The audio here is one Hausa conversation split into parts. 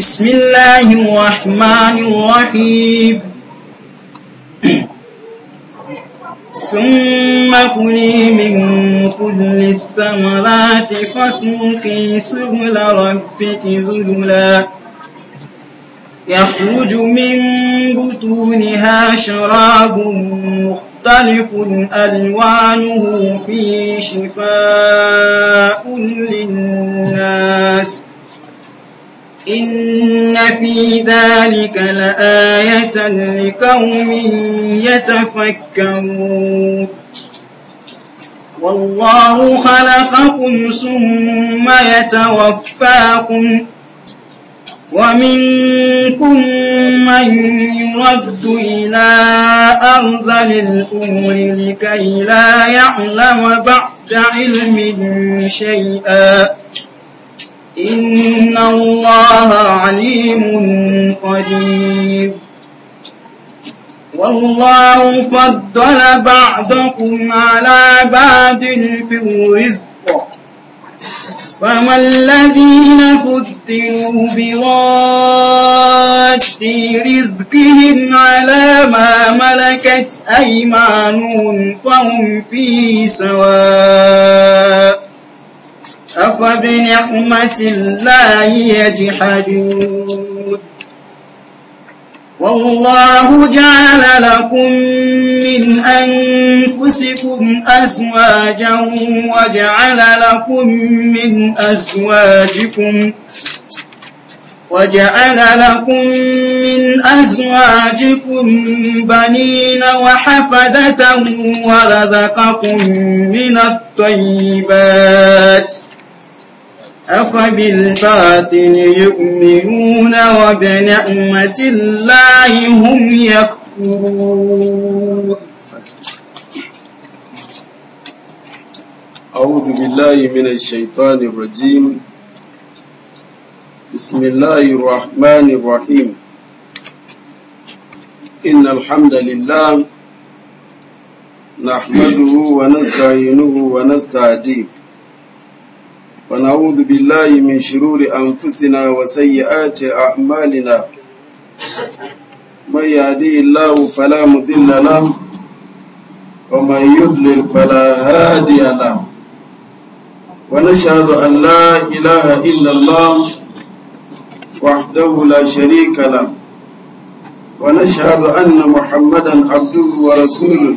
بسم الله الرحمن الرحيم ثم كلي من كل الثمرات فاسلكي سبل ربك ذللا يخرج من بطونها شراب مختلف ألوانه فيه شفاء للناس إن في ذلك لآية لقوم يتفكرون والله خلقكم ثم يتوفاكم ومنكم من يرد إلى أرذل الأمور لكي لا يعلم بعد علم شيئا إن الله عليم قدير والله فضل بعضكم على بعض في الرزق فما الذين فضلوا براد رزقهم على ما ملكت أيمانهم فهم فيه سواء أفبنعمة الله يجحدون والله جعل لكم من أنفسكم أزواجا وجعل لكم من أزواجكم وجعل لكم من أزواجكم بنين وحفدة ورزقكم من الطيبات ۖ أفبالباطل يؤمنون وبنعمة الله هم يكفرون أعوذ بالله من الشيطان الرجيم بسم الله الرحمن الرحيم إن الحمد لله نحمده ونستعينه ونستهديه ونعوذ بالله من شرور أنفسنا وسيئات أعمالنا من يهديه الله فلا مضل له ومن يضلل فلا هادي له ونشهد أن لا إله إلا الله وحده لا شريك له ونشهد أن محمدا عبده ورسوله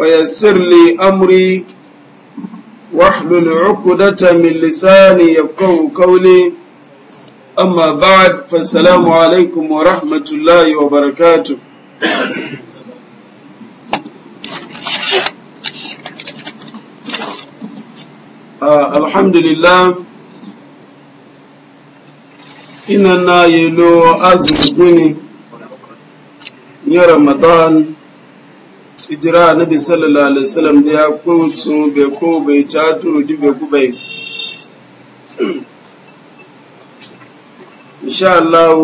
ويسر لي أمري واحلل عقدة من لساني يفقه قولي أما بعد فالسلام عليكم ورحمة الله وبركاته آه، الحمد لله إننا يلو أزمكني يا رمضان ijira nabi sallallahu alaihi wasallam da ya su bai ko bai cato di bai ku bai insha Allah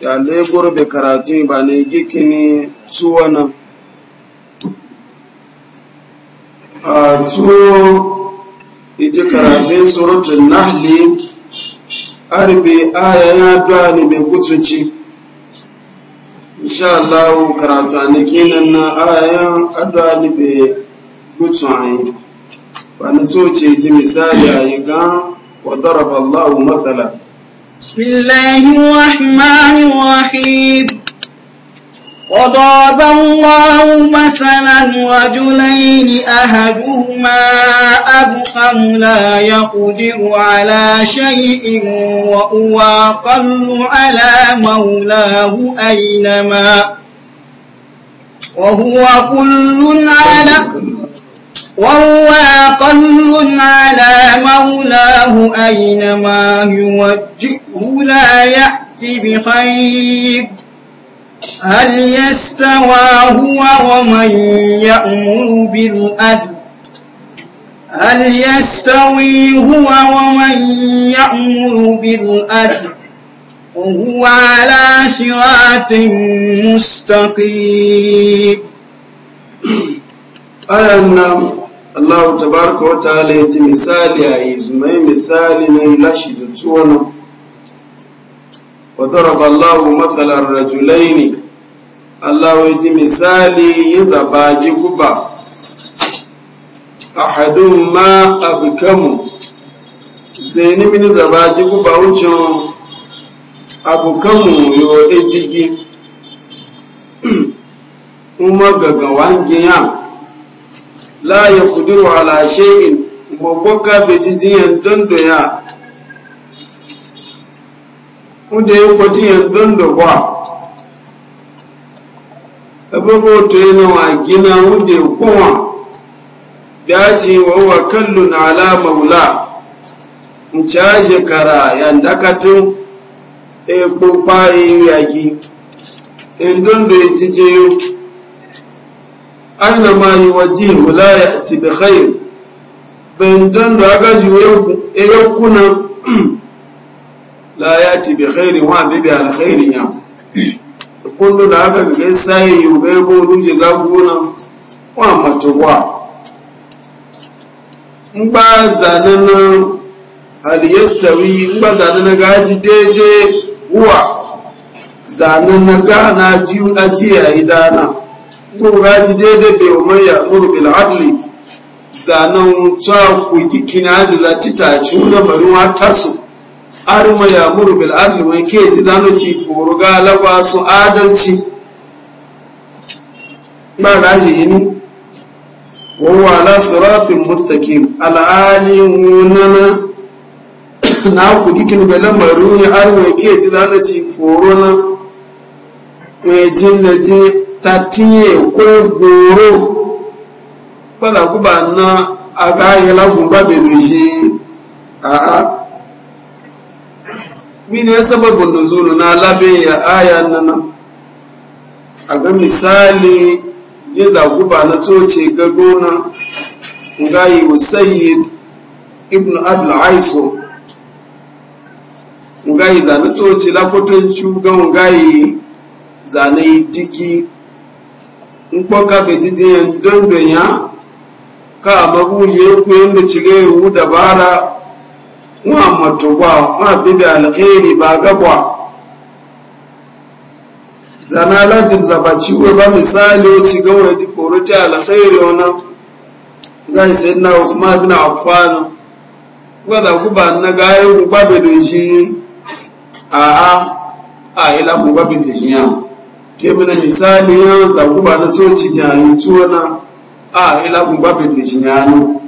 ya goro bai karatu ba ne gikini na. a tsuwo ite karatu suratul nahl arbi aya ya dani bai kutunci insha Allah karatu anikinan na ayan adwa libe gutsuani wani so ce ji misali a yi gan wa daraba Allah matsala bismillahirrahmanirrahim وضرب الله مثلا رجلين أحدهما أبخم لا يقدر على شيء وهو أقل على مولاه أينما وهو كل على وهو أقل على مولاه أينما يوجهه لا يأتي بخير هل يستوى هو ومن يأمر بالعدل هل يستوي هو ومن يأمر بالعدل وهو على صراط مستقيم أي أنا الله تبارك وتعالى مثال يا إزمي مثال لا يلاشي تشونه وضرب الله مثلا الرجلين الله يجي مثالي يزباجي كبا أحدهما أبكم زيني من زباجي كبا وجهه abukanmu yo ejigi kuma gaga wangiya la ya kuduru ala shay'in gbogbo ka bejijin dondo ya wanda ya kwaci ya da kwa abubuwa to yana wa gina wanda ya kowa ya ce wa wa kallon ala maula in caje kara yanda katin epo paye yaki in e dondo e ya cije aina ma yi waje wula ya ci bi khair bin dondo aga ji e yankuna la ya ti bi khairin wa bi bi alkhairin ya kullu da aka ga sai yu ga go ruje za ku gona wa matuwa in ba zanana aliyastawi in ba zanana gaji daidai huwa zanana gana dana mun gaji daidai bai umayya muru bil adli zanen ta ku kikina ji za ta taci wani bari wa tasu arma ya muru bil adli wai ke ti zanu ci furu ga su adalci ba na ji yini wawa la siratin mustaqim al'ali wunana na ku kikin ga maru ya arma ke ti zanu ci furu na mai jin na ji ta tiye ko goro ba da ku ba na a ga yi lagun ba bai shi a'a mine sababin nuzulu na labe ya aya nan a ga misali ya zaguba na coci ga gona ngayi wa sayyid ibn abdul aiso ngayi zane coci lakwatan shugan ngayi zane digi nkpọka bejijiyan dondon ya ka maguje ku yadda dabara muhammad tuba ma bibi alkhairi ba gabwa zana latin zabaci wa ba misali o ci ga wani foroti alkhairi ona zai sai na usman bin affan gwada guba na gaya yi guba be do shi a a a ila guba be do shi ya ke mina misali ya za guba na to jayi tuwa na a ila guba be do shi ya no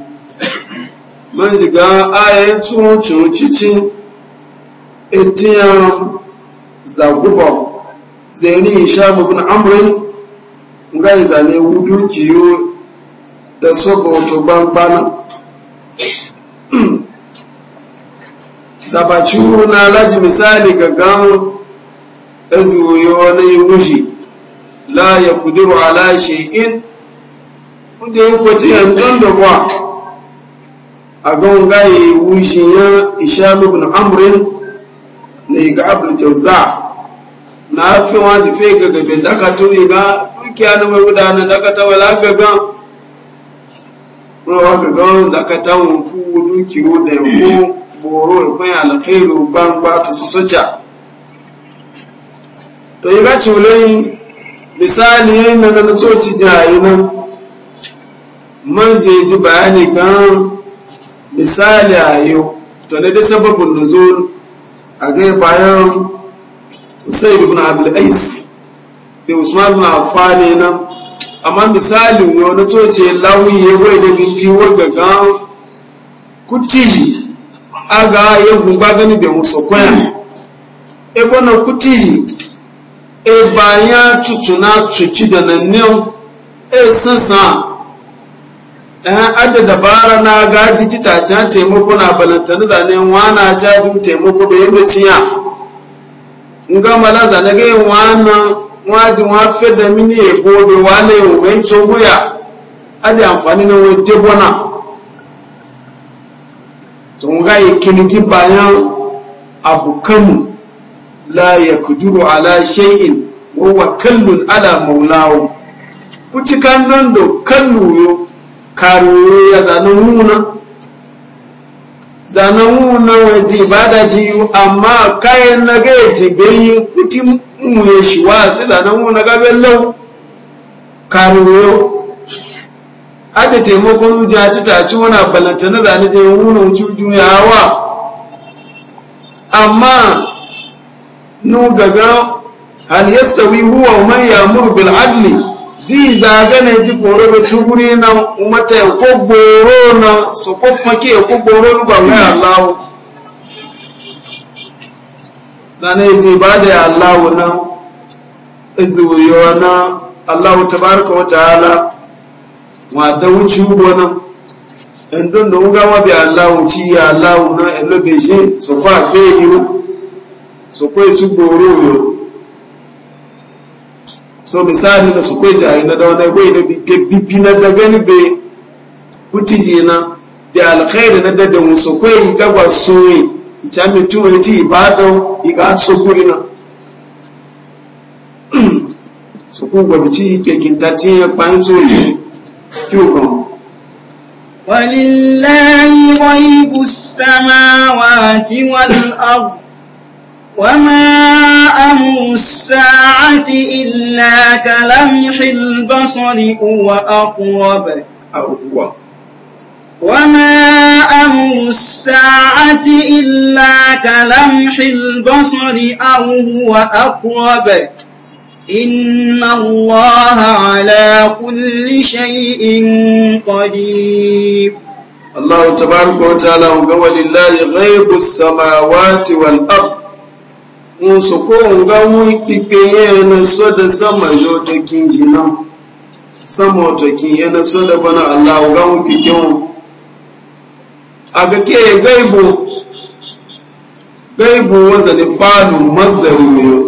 man jiga ayen tsohon cikin etiyan zaguba zaini isha babin amurin ngai zane wudu ciyo da soba wato gbangbana zabaci na laji misali ga gano ezuwoyo na iwu ji la ya kuduru ala shi'in wanda ya kwaci yankan da kwa agon gaye wushin ya isham ibn amrin ne ga abul jawza na fi wani fe ga gabe da ka to ga dukiya na mai gudana da ka ta wala ga ga rawa ga ga da ka ta mun fu dukiyo da yau boro ko ya alkhairu ban ba to su soca to yi ga culai misali na na soci jayi nan man je ji bayani kan misali a yau to ne dai sababin a bayan usaid ibn abul ais da usman na affan ne nan amma misali ne wani tsoce lawi ya wai da bibi wanda ga kutiji aga ya gungba gani bai musu kwaya e bona kutiji e bayan cuci da nan ne e ɗan eh, adda dabara na gaji titacen taimako na balantana da ne wana jajin taimako da yadda ciya in gamala da ga gai wana wajen wafe da mini ya gobe wane ya wai cogoya adi amfani na wani tebona tun ga yi bayan abokanmu la ya kuduru ala shay'in wa kallon ala maulawo kuci kan nan da kallon yau karuwa ya zanen muna zanen muna waje ba da jiyu amma kayan na gaya jibeyi kuti mu ya shi wa su zanen muna gaben lau karuwa aka taimakon cuta ci taci wana balanta na zane je muna wuce duniya hawa amma nu gaga hal yastawi huwa man ya'muru bil adli zizaga na ji koro da tuguri na umata ya ko goro na so ko fake ya ko goro lugba ga Allah zane ji ba da Allah na izuyo na Allah tabaraka wa ta'ala wa da wuci bona ndon da uga wa bi Allah ci ya Allah na elobeje so fa fe yi so ko ti goro yo so misali na su kwai jayi na da wani gwai da bibbi na da gani be ji na da alkhairi na da da musu kwai gaba suwe ita yi ti ibada iga so kuri na su ku gwa bici ke ci ya kwan soji kyukan ولله غيب السماوات والأرض وما أمر الساعة إلا كلمح البصر هو أقرب أو هو وما أمر الساعة إلا كلمح البصر أو هو أقرب إن الله على كل شيء قدير الله تبارك وتعالى ولله غيب السماوات والأرض nso ko nga wu ikpe yana so da sama jotokin to jina sama otokin kin yana so da bana Allah ga wu kike a ga ke gaibu gaibu wazan fadu masdaru yo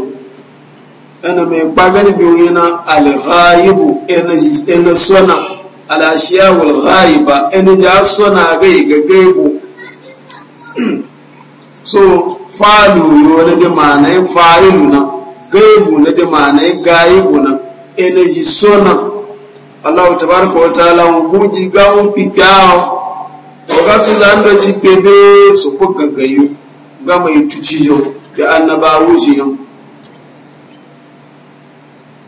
ana mai bagani bi yana al ghaibu yana yana sona al ashiya wal ghaiba yana ya sona ga gaibu so faluyo na da manayin fa'ilu na gaibu na da manayin gaibu na energy sona Allah ta baraka wa ta'ala guji ga un pipiao wakati za ndo ci bebe su ko gaggayu ga mai tuci yau da annaba shi yau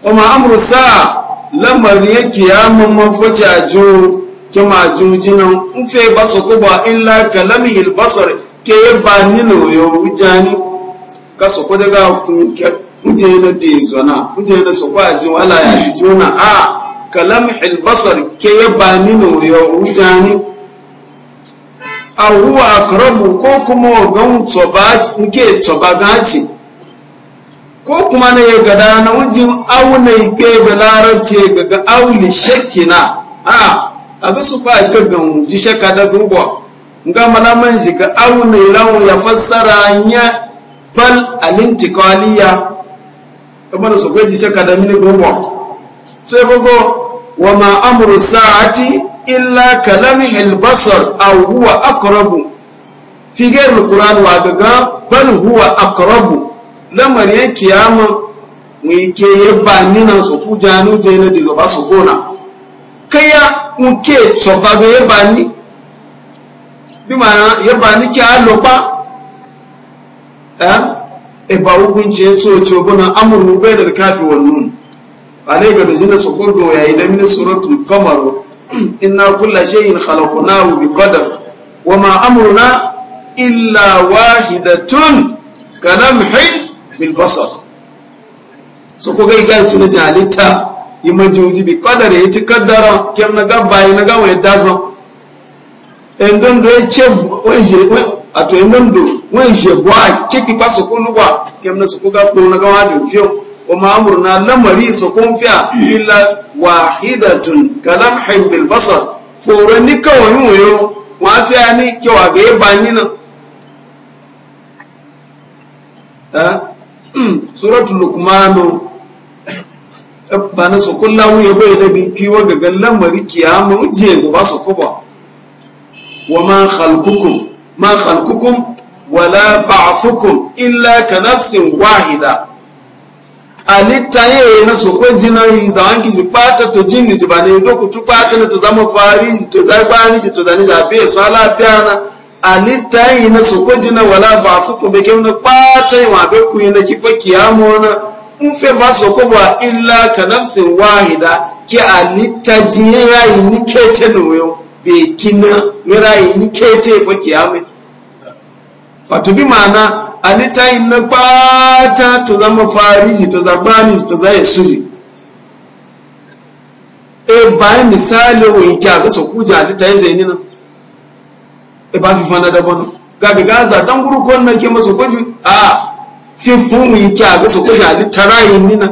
kuma amru sa lamar yake ya mamman faca jo kima jujinan in fe basu kuba illa kalamil basari ke ba ni no yo wujani ka daga ko daga wuje na de zona kuje na soko kwa ji wala ya ji jona a kalam hil basar ke ba ni no yo wujani a huwa akrabu ko kuma gan toba nke toba gaci ko kuma na ya gada na wujin auna ike ga larabce ga ga auli shakina a a ga su fa ga gan ji shakka da gungwa nga malaman shi ka awu ne lawo ya fassara nya bal alintikaliya kuma da sokweji shaka da mini gogo sai gogo wa ma amru sa'ati illa hil basar aw huwa aqrabu fi ghayr qur'an wa daga bal huwa aqrabu lamar ya kiyama mu ke yaba nina so ku janu je na dizo ba su gona kaya mu ke so ba ga ni bí yaba yọba ní kí á lọ pa ẹ̀bà ogun jẹ́ tó o ti o bọ́nà amúrú bẹ́ẹ̀ lè káfí wọn nù alẹ́ ìgbàdo jíndé sọ gbogbo ẹ̀yà ilẹ̀ mi ní sọ̀rọ̀ tó kọ́mọ̀rọ̀ iná kúlà ṣe yìn xalọ̀kọ̀ náà wò bí kọ́dà wọ́n máa amúrú so ko gai gai tuni da yi majuji bi kadar ya ti kaddara na gaba na gawa ya dazan endondo ato endondo wenje gwa kiki pa sokulu gwa kemna sokuga kuna ga wajo fio wa ma'amurna lamari sokun fiya illa wahidatun kalamhin bil basar foro ni kawai moyo wa fiya ni kewa ga yabani na ta hmm, suratul luqmanu ba na sokulla wuye bai da e bi kiwa ga lamari kiyama ba zuba sokuba wa خلقكم ما خلقكم ولا بعثكم ba'thukum illa ka nafsin wahida alitaye na sokwe jina za wangi jipata to jini jibane ndo kutupata na tozama fari to zabani to za be sala piana alitaye na sokwe jina wala beke na pata wa be kuina kifa mfe ba ba illa ka nafsin wahida ki alitajiye rai nikete no yo be kina nirayi ni kete fa kiyame wato bi mana a littayin na bata to zama fariji to zabani to zai suri e bayan misali wa yake a gasa kuja a littayin zai nina e ba fifan na daban gaga gaza dan guru kon na ke masa kuju a fifun wa yake a gasa kuja a littayin nina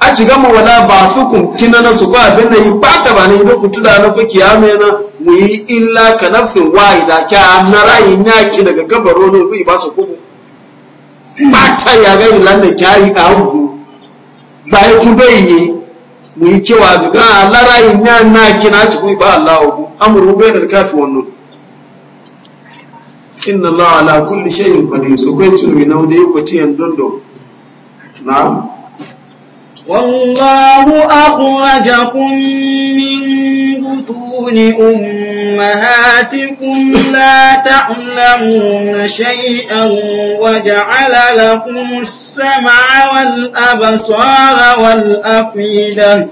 a ci gama wala ba su kun kina na su ba abin da yi bata ba na yi lokutu da na fa kiyame na mu yi illa ka nafsin wahida ka na rayi naki daga gabaro ne ku ba su kubu ta ya ga ilan da kya yi ahu bai ku bai yi mu yi kewa ga ga la rayi na naki na ci ku ba Allah ku amru da kafi wannan inna Allah ala kulli shay'in qadir su kai tun mi naude ko tiyan dondo na'am والله أخرجكم من بطون أمهاتكم لا تعلمون شيئا وجعل لكم السمع والأبصار والأفئدة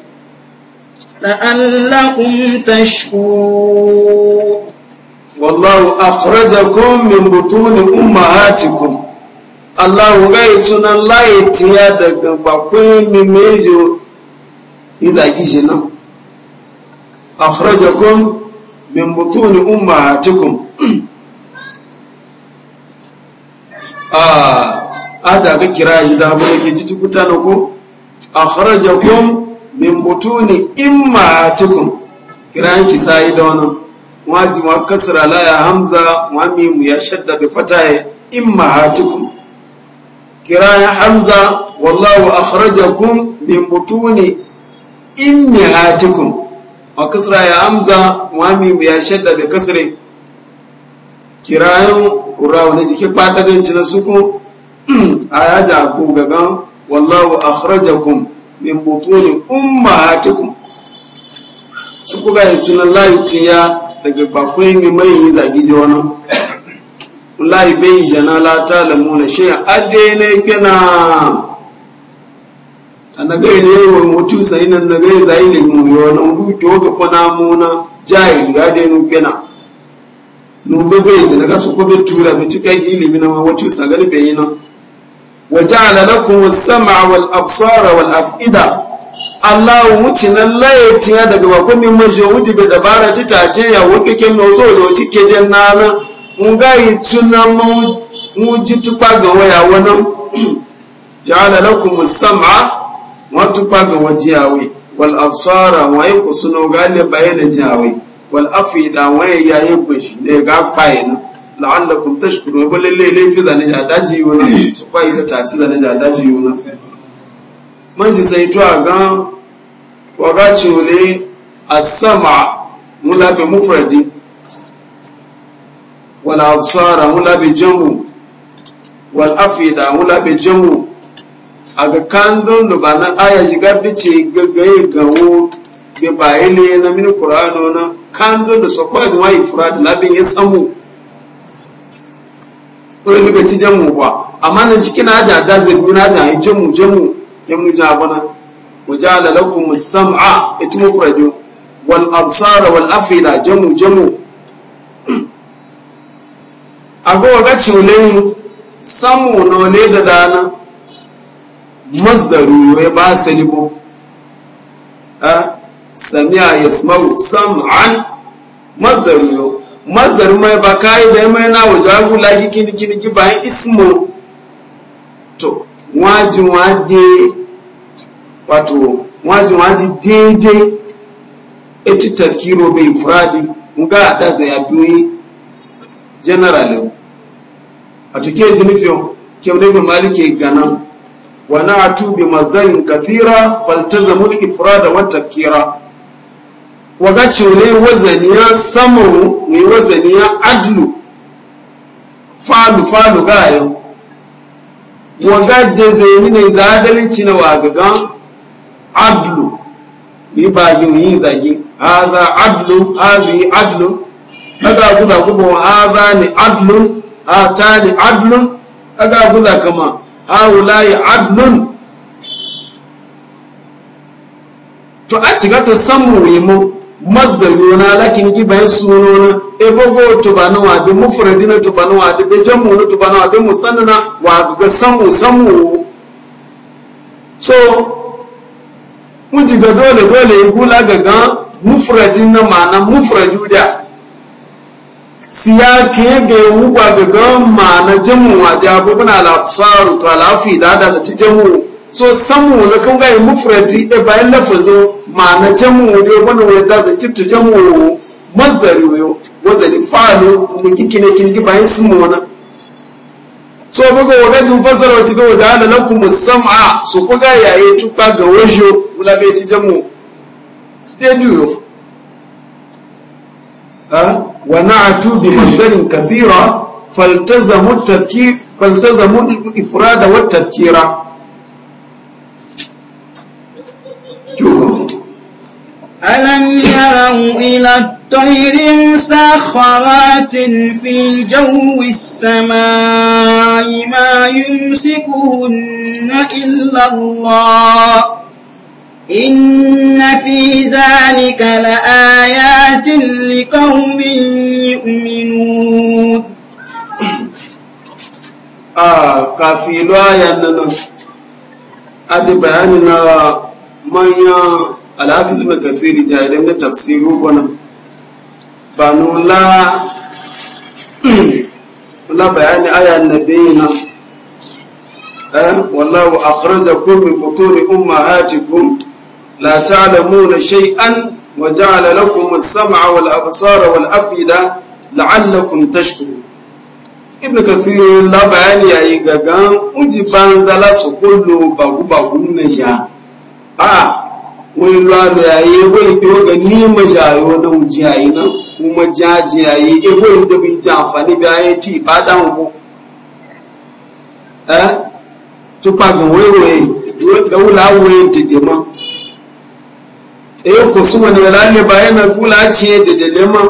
لعلكم تشكرون والله أخرجكم من بطون أمهاتكم Allah ga yi tunan layi tiya daga bakwai mimejo izagi shi nan. أخرجكم من بطون ummahatikum هذا آه. ga kira shi da abu yake ci tukuta na ku waji wa kasra la ya hamza wa mim ya shadda bi fataye kira ya hamza wallahu akhrajakum min butuni wa kasra ya hamza wami ya shadda da kasre kirayen kurawa na jike fataganci na suku a ya jaku gaban wallahu akhrajakum min butuni ummahatikum suku ga yi tunan layi tiya daga bakwai mai mai yi zagi wani layi bai ta lamuna shi a adene gina anagai ne wa mutu sai nan nagai zai ne mu yo nan du to ga fana mu na jahil ga de nu kena nu be be ji naga su ko be tura be tuka ilimi na mutu sagal be yi na wa ja'ala lakum as-sam'a wal absara wal af'ida Allah wuce nan layati ya daga ba kuma majo wuce be dabara ci ce ya wuke ke mu zo do ci ke den nana mu ga yi mu mu ji tukwa ga waya wannan ja'ala lakum as-sam'a watu paga wajiawe wal absara waye kusuno gale bayana jawe wal afida yi yaye da ya ga na payina la'allakum tashkurun ba lalle laifi zane ja daji na su kwayi ta taci zane ja daji na. man shi sai to a ga waga cole a sama mula bi mufradi wal absara mula bi jamu wal afida mula bi jamu aga kandun da ba na aya shiga bice gaggaye gawo da ba ile na mini qur'ano na kandun da sokwa da mai furad labin ya samu ko ni ga ci jamu ba amma nan cikin ja da zai na ja ya jamu jamu ya mu ja bana wajala lakum as-sam'a itmu furaju wal absara wal afida jamu jamu ago ga ciule samu no ne da dana masdaru ya ba salibo a sami'a yasma'u sam'an masdaru yo masdaru mai ba kai da mai na waje agu lagi kini kini ki bayan ismu to waji wade wato waji waji daidai eti tafkiro bai furadi nga da sai ya biyu general to ke jinifio ke ibn malik ganan wa na'tu bi masdarin kathira faltazamu al-ifrada wa tafkira wakati ule wazaniya samaru ne wazaniya ajlu falu falu gayo wanga dezeni ne za adalci na wagagan adlu yi bagin yi zagi haza adlu hazi adlu daga guza kuma haza ne adlun hata ne adlun daga guza kama haulayi adnun to a ciga ta samu remo masdar gona lakin ki bayan sunona e bogo to ba na wadi mufradina to ba na wadi be jamu na to ba na wadi musannana wa ga samu samu so muji ga dole dole igula ga ga mufradin na ma'ana mufradu da siya ke ga wuba ga gama na jamu a jabu buna lafaru to alafi da da ta jamu so samu na kan ga mufradi e bayan lafazo ma na jamu ne bana wani da zai ci jamu mazdari wayo wazali falo mun kike ne kin gi bayan simu wana so buga wa gajin fasara wacce ga wajen kuma sama su kuga yaye tukka ga wajo mulabe ci jamu dai duyo ha ونعتوا بمصدر كثيرة فالتزموا التذكير فالتزموا الإفراد والتذكير ألم يروا إلى الطير مسخرات في جو السماء ما يمسكهن إلا الله إن في ذلك لآيات لقوم يؤمنون آه كافي لآية لنا أدي بياننا من الحافظ ابن كثير جاهد من تفسيره بنا بانو لا لا بيان آية النبينا أه والله أخرجكم من بطون أمهاتكم لا تعلمون شيئا وجعل لكم السمع as-sam'a لعلكم تشكرون afida ibn kathir la bayani yayi gagan uji banza la sokollo bagu bagu na sha a wai lalo yayi wai to ga ni ma jayo da uji yayi nan kuma jaji yayi wai da bi amfani bi yayi ti ba dan ko eh tupa ga wai wai wula ta jema. e ko suma ne wala ne ba na kula ci de de lema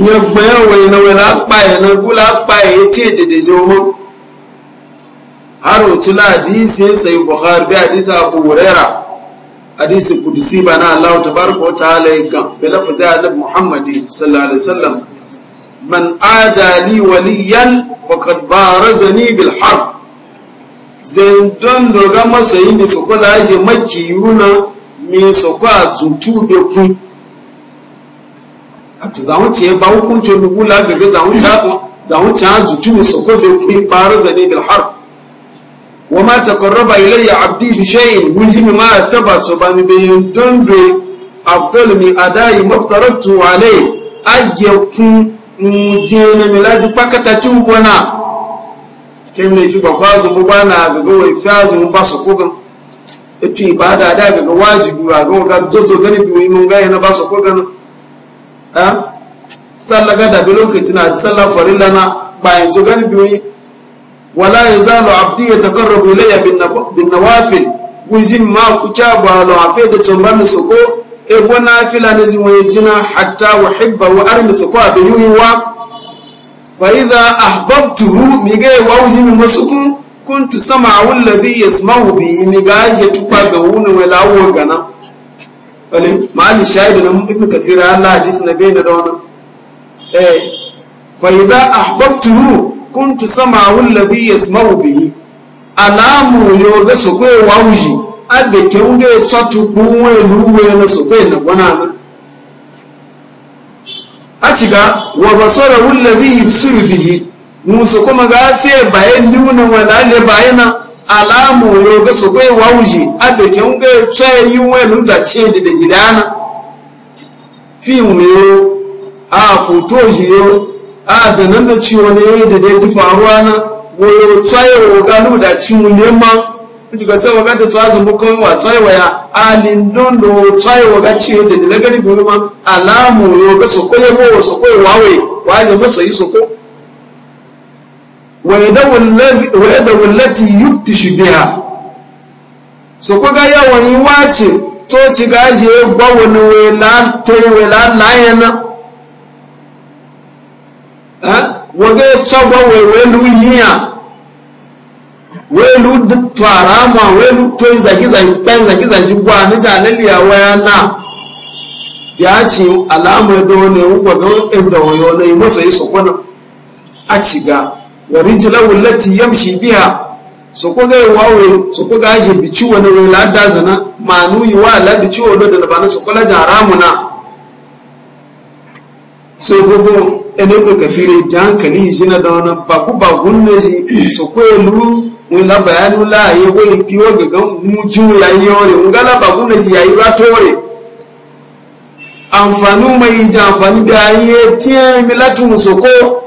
nye gbe wai na wala pa e na kula pa e ti de de jo mo haro tula hadisi sai bukhari bi hadisi abu huraira hadisi kudusi ba na Allah tabaraka wa ta'ala yakan bi lafzi annabi Muhammad sallallahu alaihi wasallam man adali waliyan faqad barazani bil harb zan don doga masoyin da su kula shi makiyuna mi sọ̀kọ́ àtúntú gbẹ̀kún àtúnzàwọn tiẹ̀ bá wọ́n kún tó lùkú lágbègbè zàwọn tí a kún a àtúntú mi sọ̀kọ́ gbẹ̀kún parí zẹ̀ni bilhar wọ́n máa tẹ̀kọ̀rọ̀bà ilé yà abdi fìṣẹ́yìn wíjí mi máa tẹ́bà tó bá mi bẹ̀yẹ̀ dóńdó abdul mi adáyé mọ́fútàrọ̀tù wàlẹ̀ àgẹ̀kún mùjẹ́nà mi láti pákàtà tí ó gbọ́nà kí ni ìfipá kwazo gbogbo àná àgbègbè wọ̀ ìfẹ́ àzùn bá sọ̀kọ́ gan. etu ibada da ga ga wajibi ba ga ga toto gani bi mun ga yana ba su ko gano ha sallah ga da lokacin a sallah farilla na bayan to gani bi wala yazalu abdi yataqarrabu ilayya bin nawafil wujin ma ku cha ba lo da tumba mi su ko e bona fila ne zin waye jina hatta uhibba wa armi su ko mi ga wajin mi kuntu sama'u alladhi yasma'u bi migaje gaje tukwa ga wuni wala wo gana wale mali shaidu nan ibn kathira Allah hadis na bai da wannan eh fa idha ahbabtuhu kuntu sama'u alladhi yasma'u bi alamu yoga sokwe wawuji abe keunge tsatu kuwe luwe na sokwe na na achiga wa basara wallazi yubsiru bihi musu kuma sai bayan liuna walale bayana alamu ga su kai wauji kin ga tsaye yi wani da ce da da fi mu yo a foto yo a da nan da ci wani yi da da ti faruwa na wayo tsaye ga lu da ci mu ma kuji ga sai waga da tsaye zumbu kan wa tsaye waya alin don do tsaye ga ci da da gari gurma alamu ga su kai wo su kai wawe waje masa yi su kai wẹ̀ẹ́dẹ̀wò lẹ́tì yúkti ṣùgbìhà so kọ́gá yàwọ̀n yí wá ce tó ci gáṣe gbọ́wọ̀ ni wẹ̀ láyẹ̀ náà wọ́gẹ́ tọ́gbọ́ wẹ̀wẹ̀lú yíyà wẹ̀lú tọ́ara ma wẹ̀lú tó ìzàgízàgí gbọ́ níjà nílìyà wẹ́yà náà ya ce alamar da wani wugwagon ezawayo na yi masa yi sokwana a ciga wa rijlahu allati yamshi biha so ko ga wawe so ko shi bici wani wai ladda zana manu yi wa la bici wa da bana so ko la jaramuna so gogo ene ko kafiri dan kani jina da wani baku bakun ne shi so ko lu mun la bayanu la yi ko ipi wa ga mu ju ya yi ore mun bakun ne ya yi ratore amfanu mai ja amfani da yi tie mi latun so ko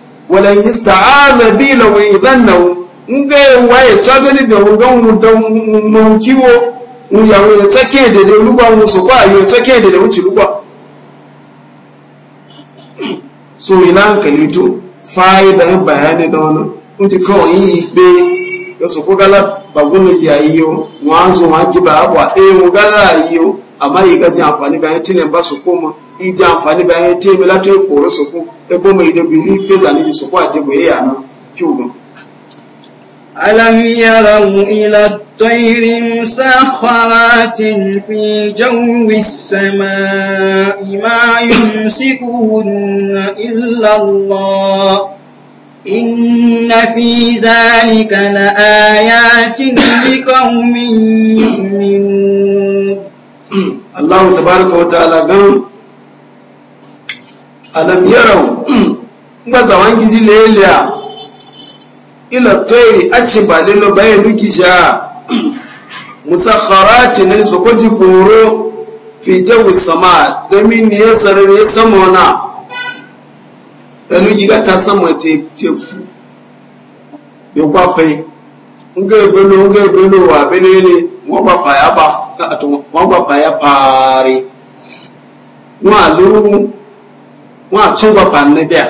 wala yasta'ana bi law idhannu nge waye mu da ngan da mu ya waye tsake da da lugwa musu ba ya tsake da da wuce lugwa so ina hankali to fa'ida bayani da wannan kuti kawai yi be ya su kugala bagunan yayiyo mwanzo wajiba abwa e mugala yiyo amma yi ga amfani bayan tilin ba su koma yi ji amfani bayan temi lati yi foro su ko ebo mai da bili feza ne su ko a debo na yana kyugun alam yarau ila طير مسخرات في جو السماء ما يمسكهن إلا الله إن في ذلك لآيات لقوم يؤمنون Allah tabaraka wa ta'ala gan alam yarau ba zaman gizi leliya ila toyi aci ba lilo bayan dukisha musakharati ne su kwaji foro fi jawu sama domin ne ya sarari ya sama na ɗanu giga ta sama ce fu ya kwafai nga ebolo nga ebolo wa bene ne ba pa pàyà ka àtúnwò wọ́n gbàgbà ya paari wọ́n àlóhùn wọ́n àtún gbàgbà níbí à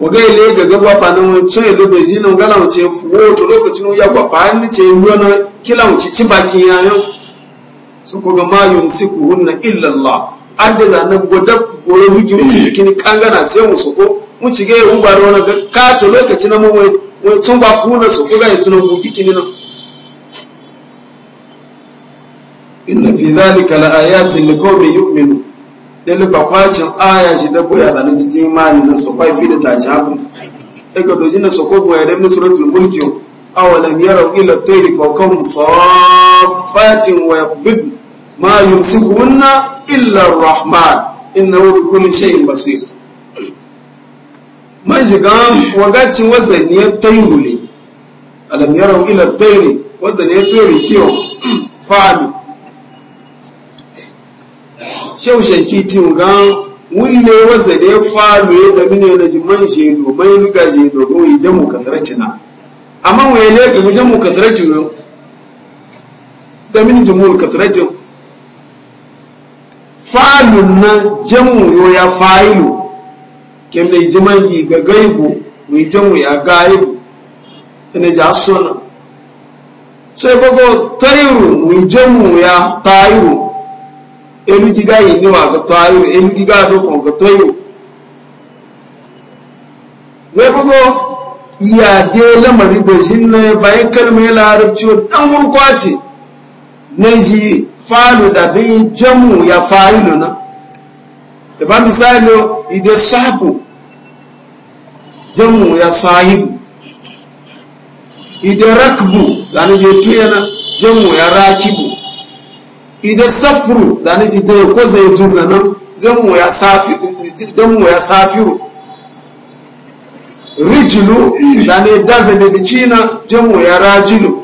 wọ́n gẹ́ ilé gẹ́gẹ́ gbàgbà náà wọ́n tún èlò bèjì náà gá làwọn ti fowó tó lókòtí wọ́n yá gbàgbà ní ti ìlú ọ̀nà kí làwọn ti tíba kí yẹn ayọ́ sọ́kọ́ máa kò na ilẹ̀ lọ adéza náà gbọ́dọ̀ wọ́n wíjì wọ́n ti kí ni kangana sí ẹ̀wọ̀n sọ́kọ́ wọ́n ti gẹ́ ìwúgbà náà káàtó lókòtí náà wọ́n tún gbàgbà kú náà sọ́kọ́ gáyẹ̀ tún kíkiri náà inna fi dhalika la ayatin liqaumin yu'minun dalil ba kwacin aya shi da boya da nan cikin imani na so kai fi da ta ci haku daga dojin na so ko boya da min suratul mulki awalam yarau ila tayri fawqahum safatin wa yaqbid ma yumsikuhunna illa ar-rahman innahu bi kulli shay'in basir man shiga wagacin wazaniyar tayru ne alam yarau ila tayri wazaniyar tayri kiyo fa'alu shehu shankitin gan wunne wasa da ya falo ya dabi ne da jiman shedo mai luga shedo ko yi jamu na amma mu ya lega mu jamu kasaratina da mini jumul kasaratin falun na jamu yo ya failu kem da jiman gi ga gaibu mu jamu ya gaibu ina ja sona sai bago tairu mu jamu ya tairu giga yi ni wa tɔtɔ ayo elugiga do kɔn tɔtɔ yi o wɛ gbogbo iyade lamari gbèsè nnɛ bayi kɛlɛmɛ laarabci o danguru kwaati nezi faalu dabi jamu ya faalu na eba misali o ide sahabu jamu ya bu de sahibu ide zi lanize tuyana jamu ya bu. idan safru zane ji dai ko zai ji ya safiru rijilu zane daza da bicina jamu ya rajilu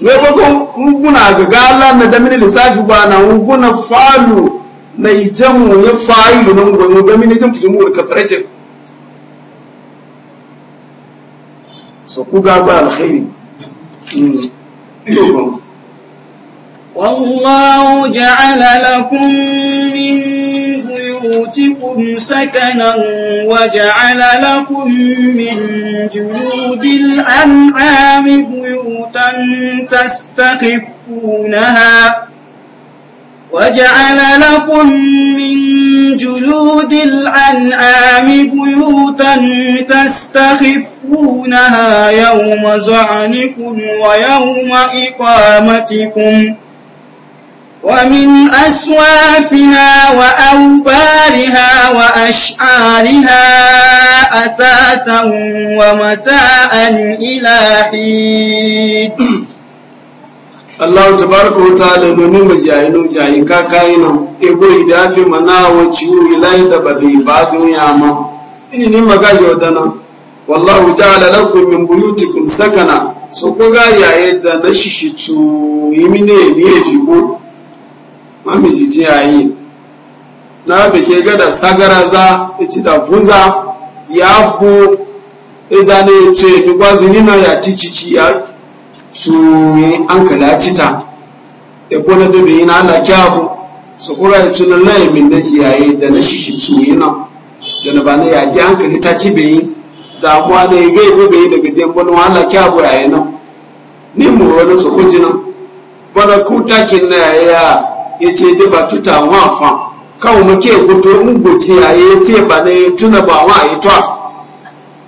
ne ga gala na damini lissafi ba na nguna falu na ya fa'ilu na kafarajin so ku ga ba alkhairi hmm. والله جعل لكم من بيوتكم سكنا وجعل لكم من جلود الأنعام بيوتا تستخفونها وجعل لكم من جلود الأنعام بيوتا تستخفونها يوم زعنكم ويوم إقامتكم ومن أسوافها وأوبارها وأشعارها أثاثا ومتاعا إلى حين Allah tabaraka wa ta'ala domin majayinu jayi kakayina ego idafi mana wa ciwo ilayi da babi ba duniya ma ini ne magaji wadana wallahu ta'ala lakum min buyutikum sakana so ko ga yaye da na shishicu yimi ne ne jibo mamiji ji yayi na bike gada sagaraza ichi e da vuza ya bu idane e ce bi gwazu nina ya ticici ya tsuyi an kala ta e bona da bi ina ala bu su kura ya tuna lai min da shi yayi da na shi tsuyi na da na bane ya ji hankali ta ci bi damuwa ne ga ibe bi daga den bona ala kyabu yayi na ni mu wani su kujina bana kutakin na ya ya ce da ba tuta wa fa kawo muke guto mun goce a ya ce ba ne tuna ba wa yi ta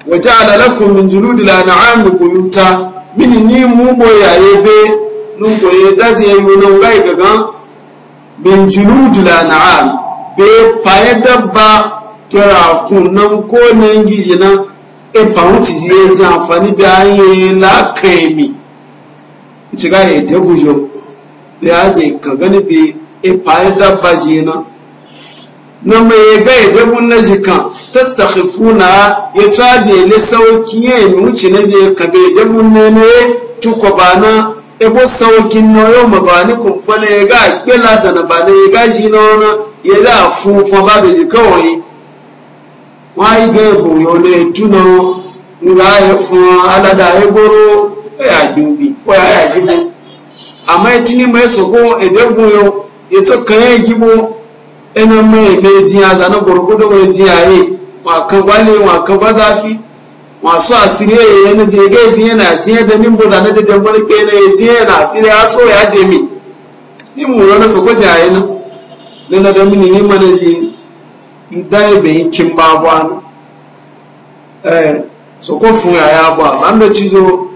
wa ja'ala lakum min juludil an'am buyuta min ni mu boyaye be nun boye daji yi wani gai gaga min juludil an'am be paye dabba kira kunan ko nan gizi nan e fa wuci je ja afani bi aye la kemi yi ga e devujo le ka gani bi ifaye e dabba jina na mai ga idabun na jikan tastakhifuna ya tsaje ne sauki ya yi wuce na je kabe idabun ne ne tukwa bana ebo saukin na yau e mabani kumfana ya ga gbela da na bana e ya ga jina wana ya da fufa ba da ji kawai wọ́n á gẹ́ ìbò yọ lè túnà ńlá ẹ̀fún aládà dubi, ẹ̀yà àjòbì ọ̀yà àjòbì àmọ́ ẹtí ní mẹ́sàn-án ẹ̀dẹ́gùn yọ yato kayan e gibo ina mai mai e jiya zane gurgudu mai jiya yi e. ma ka gwale ka ba zafi masu asiri ya yi na jirga ya jiya na jiya da nimbo zane da dambar kena ya jiya na asiri ya so ya demi ni mu wani su kwaje a yi nan lana da mini ni mana ji daya bai yi kin babuwa na eh, so ko fun ya ya ba ban da cizo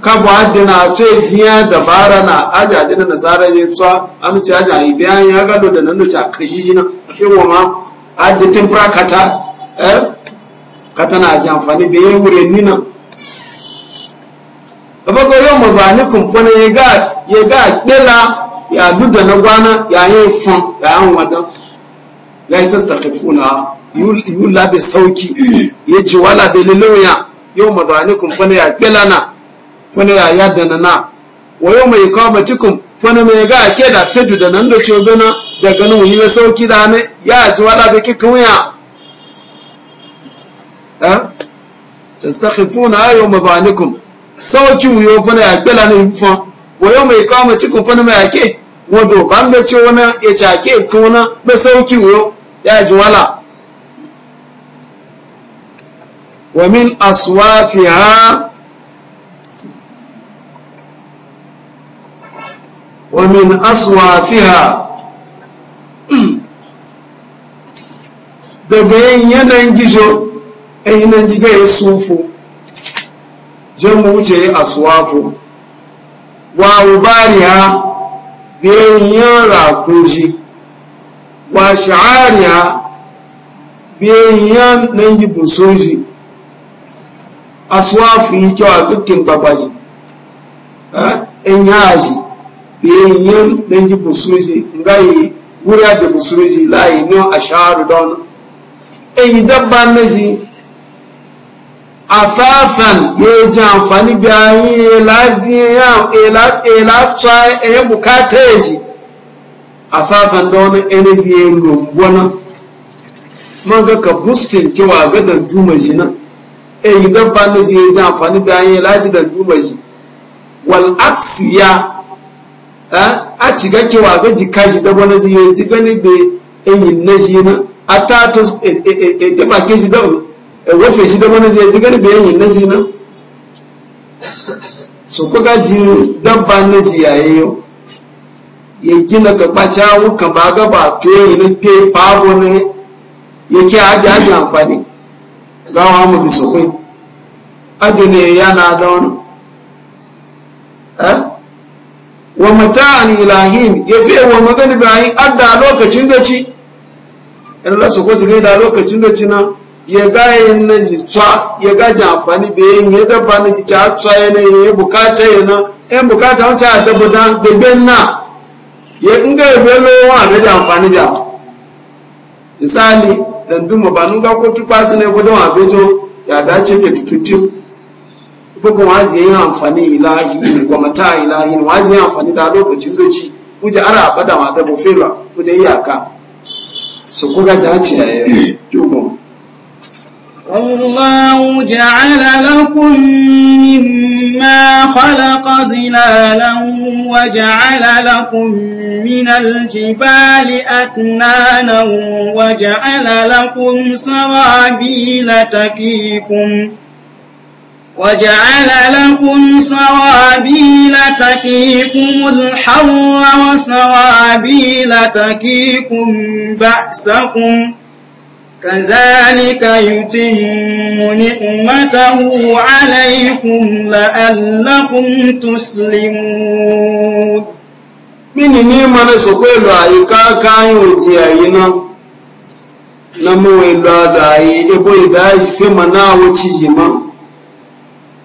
kabo adde na to jiya dabara na aja de na nasara yi tsa amci aja yi bayan ya gado da nan ta kashi na shi wa ma adde tempura kata eh kata na aja amfani be yure nina baba ko yau mazani kun fona ya ga ya ga dela ya duda na gwana ya yi fun ya an wadan la yastaqifuna yul yul la be sauki ji wala da leloya yau mazani kun fona ya dela na fana ya yadda na na wa yau mai kama cikin fana mai ga ake da fedu da nan da ce cobe da ganin wani yi sauki da ne ya ji wada da kika wuya ha ta stakhifuna ayo mabanikum sauki wuyo fana ya gbela na yi wa yau mai kama cikin fana mai ake wato kan da ce wani ya cake kuna da sauki wuyo ya ji wala wa min aswafiha ومن أصوافها daga yin yanayin gizo a yanayin giga ya sufu jan wuce ya asuwafu wa ubariya da yin rakoji wa sha'ariya da yin nan gibin asuwafu yi kyau dukkan babaji eh, yenyen dangi busuruji ngayi wura da busuruji layi no a sharu don eyi dabba nazi afafan ye ji amfani bi ayi ela tsa eye bukata ji afafan don energy ye lombona man ga ka boosting kewa ga da duma shi nan eyi dabba nazi ye ji amfani bi ayi ela ji da duma shi wal aksiya a ciga kewa ga jika shi da wani zai ji gani bai enyi na shi na a ta ta e, e, e, taba ke shi da rufe shi da wani zai ji gani bai enyi na shi na so kuka ji dabba na shi yayi yau ya gina ka ɓaca wuka ba gaba to yi na pe pabo ne ya ke adi adi amfani gawa mu bi so kai adi yana da wani eh wa mata'an ilahin ya fi wa magani bayan adda lokacin gaci in lasu ko su gaida lokacin gaci na ya gaya yin na ji tsa ya gaji amfani da yin ya dabba na ji a tsa ya na ya bukata ya na yan bukata wata ya dabba da gbegbe na ya in ya belo wa ga ji amfani da misali danduma mabanin gakotu ga ko tupa ne abejo ya dace ke tututu bugun wazi yayin amfani ilahi ne ko mata ilahi ne wazi yayin amfani da lokacin doci kuje ara abada ma da bofela kuje iyaka su kuga jace ya yi jugo Allah ja'ala lakum mimma khalaqa zilalan wa ja'ala lakum من الجبال أكنانا وجعل لكم سرابيل تكيكم وجعل لكم سرابيل تقيكم الحر وسرابيل تقيكم بأسكم كذلك يتم نعمته عليكم لعلكم تسلمون من نعمة سكويل عيكا كاين وجيائنا نمو إلا داي إبو إداج فيما ناوتي جمال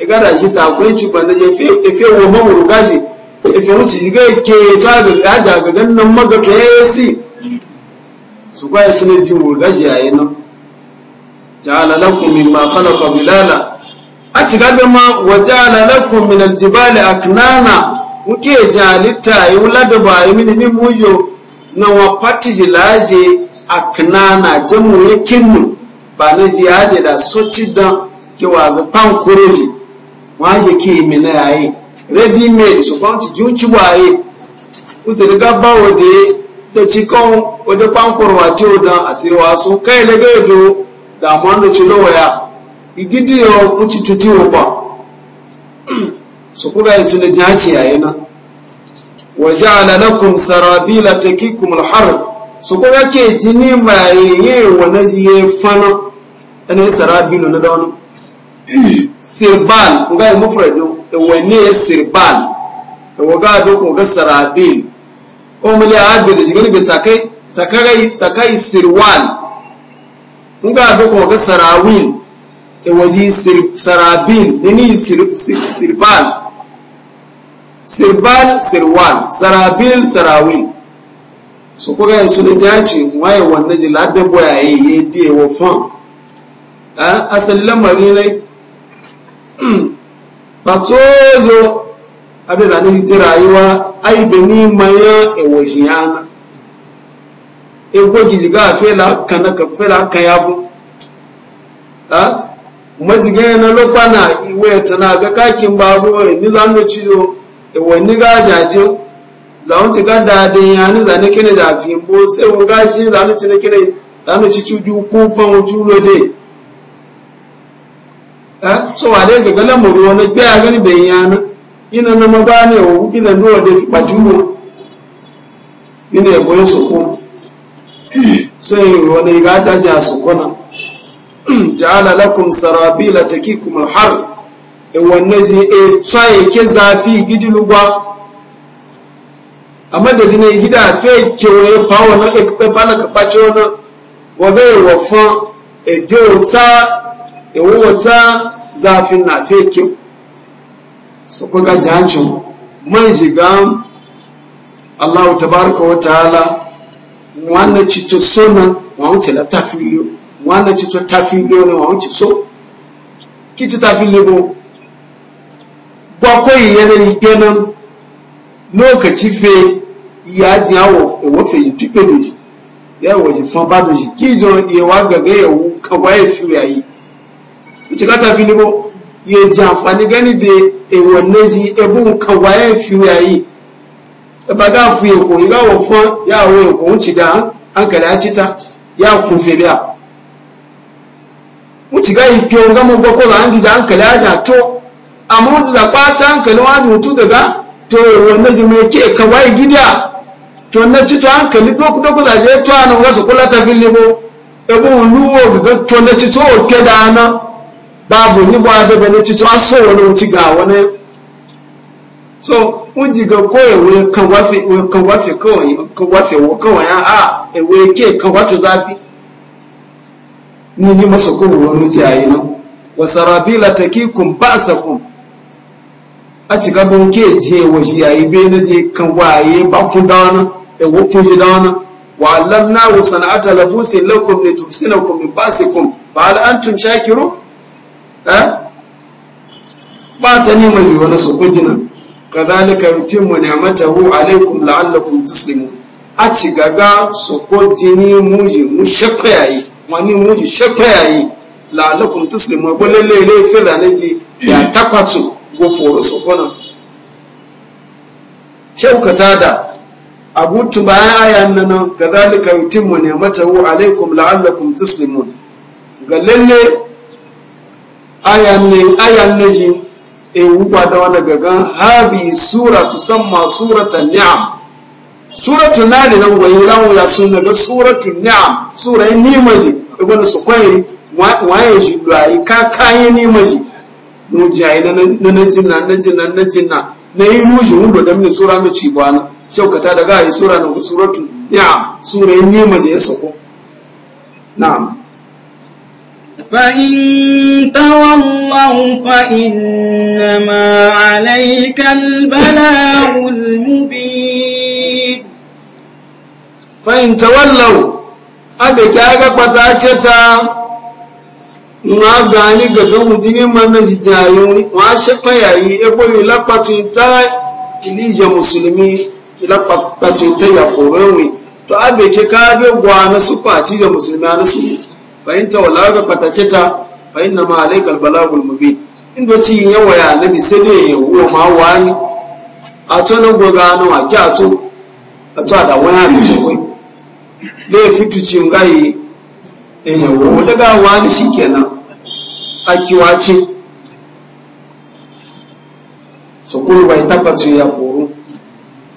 igada shi ta kwai ci banda ya fi wa mawuru gashi ya fi wuce shiga ke ta ga gaja ga gannan magata ya yi su kwaya ci ne ji wuru gashi a yi nan ja'ala lakum mimma khalaqa bilala a ci gabe ma wa ja'ala lakum min aljibali aknana muke jalita yi wula da ba yi mini min muyo na wa fati jilaje aknana jamu ya kinnu ba na jiyaje da soti dan kewa ga pan kuroji wọ́n ṣe kí èmi náà ayé rẹ́dí made ṣùgbọ́n ti jú chúbọ̀ ayé ó sì ní ká bá òde tó ti kọ́ òde pánkọ̀rọ̀ àti òdàn àṣírí wa sún káyìn lẹ́gbẹ́ dààmú ọ̀nà tó lọ́wọ́ ya ìgídí ọ̀ ó ti tutù wọ̀ pọ̀ ṣùgbọ́n báyìí tún lè jẹ́ àti ayé náà wọ́n jẹ́ já àlàlẹ́kùn sàràbí làtẹ̀kí kùmùlùhárùn ṣùgbọ́n bá kéèjì ní màáyé yé ìwọ̀n náà yé fánà ẹni sàràbí lónìí dáná. sirbal ko ga mufradu wani sirbal ko ga do ko ga sarabil o mali abbe da jigani be sakai sakai sakai sirwal ko ga do ko ga sarawil e waji sarabil ni sirbal sirbal sirwal sarabil sarawil so ko ga su ne jaci waye wannan jila da boyaye ye dewo fon asalin lamarin batsozo abin da nake ci rayuwa ai da ni maya e wajiyana e gogi jiga fela kana ka fela ka yabu ha majiga na lokwana iwe tana ga kakin babu e ni zan da ciyo e wani ga jaje zan ci ga dadin ya ni zan kene da fimbo sai mun gashi zan ci ne kene zan ci cuju kufan Eh? so wale gaga lamari wani gbaya gani bai yana ina na maba ne wa kuki da nuna da fiɓa jumo ina ya goyi su ko sai wani ga ta ja su kona ja'ala lakum sarabila takikum alhar e wanne zai e tsaye zafi gidi lugwa amma da dine gida fe kewaye pawa na ekpe bana kapace wani wa wa fan e ewu wata zafin na fake su kuka jihacin man shiga allahu tabaraka wa ta'ala wannan cito so na wọn ce la tafiliyo wannan cito tafiliyo ne wọn ce so kici tafiliyo bo gbakwai yanayi ganin lokaci fe ya ji awo ewo fe yi tupe shi ya waje fan ba shi kijon iye wa gaga yawu kawai fi yayi chikata filibo ye jamfani gani be ewo nezi ebu nkan waye fi e yi yayi baga fi ko yi wo fon ya wo ko nchida ankala chita ya kun fe bia mutiga ipyo nga mu goko la angiza ankala aja to amunzi za kwata ankala wani mutu daga to ewo nezi ke ka waye gida to na chita ankali doku doku za je to anu ga su kula ta filibo ebu luwo ga to na chita o ana. babu ni ba da ni ci ta so wani ci ga wani so unji ga ko kan wafe kan wafe kan wafe wo a ewe ke kan wato zafi ni ni masa ko wani ji ayi nan wa sarabila takikum ba'sakum a ci gaban ke je wa shi yayi be na kan waye ba ku da wani ewo shi da wani wa allamna wa sana'ata lafusin lakum litusinakum min ba'sikum fa hal antum shakirun Eh? ba ta ne mafi wani su kujina ka zalika yutimmu ni'matahu alaikum la'allakum tuslimun a ci gaga su kujini muji mu shakkayayi wani muji shakkayayi la'allakum tuslimun ko lalle ne fira ne ji ya takwatu go foro su kona shaukata da abu tubayan ayan nan ka zalika mu yutimmu ni'matahu alaikum la'allakum tuslimun ga lalle ayan na ji ewu da wani gagan hafi sura tusamma suratan ni'am suratu na ne nan wani ran ya sun daga suratu ni'am ni nima ji e, ibn su kwaye waye da yi ka yi nima ji mu jayi na najin na najin na najin na na yi ruji wudo da mini sura mai ci bana shaukata daga yi sura na suratu ni'am surai nima ji ya sako na'am فإن تولوا فإنما عليك البلاغ المبين فإن تولوا أبي كاغا بتاتشتا ma gani ga gamu jini mana jijayi wa shakka yayi ebo ila pasinta ilije musulmi ila ta ya forewe to abe ke kabe gwa na su kwaci da musulmi na su fahimta wala ga ta fahimta na alaikal balagul mubin inda ci yawa ya nabi sai ne huwa ma wani a to nan goga no a to a to da waya ne eh, so kai ya fito ci ngai eh wa daga wani shikenan a kiwaci su kullu bai tabbatu ya furu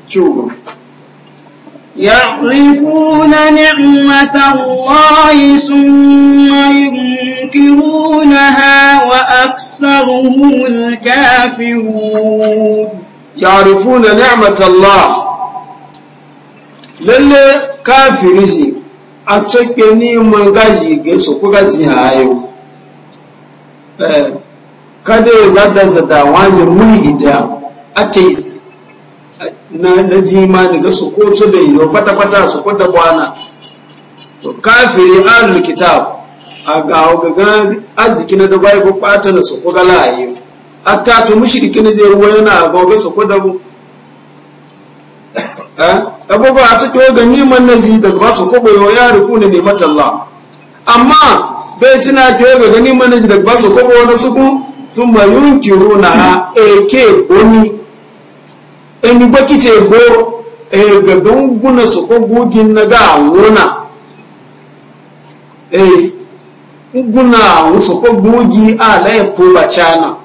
ciwo يعرفون نعمة الله ثم ينكرونها وأكثرهم الكافرون يعرفون نعمة الله lalle kafiri shi a cike neman gaji ga su kuka ji hayo kada ya zada zada wajen mulhida atheist na na jima daga su to da yi kwata kwata su da bwana to kafiri ahlul kitab a ga ga arziki na da bai ko kwata na su ga layi hatta to mushriki ne zai ruwa yana ga ga su da bu eh abubuwa a cikin ganiman nazi daga ba su kogo ya rufu ne nemat Allah amma bai cina ke ga na zi daga ba su kogo wani suku sun mayun kiruna a ake boni emi gbaki ce go eh gaban guna su ko gugin na ga wona eh guna wasu ko gugi a laye fuba cana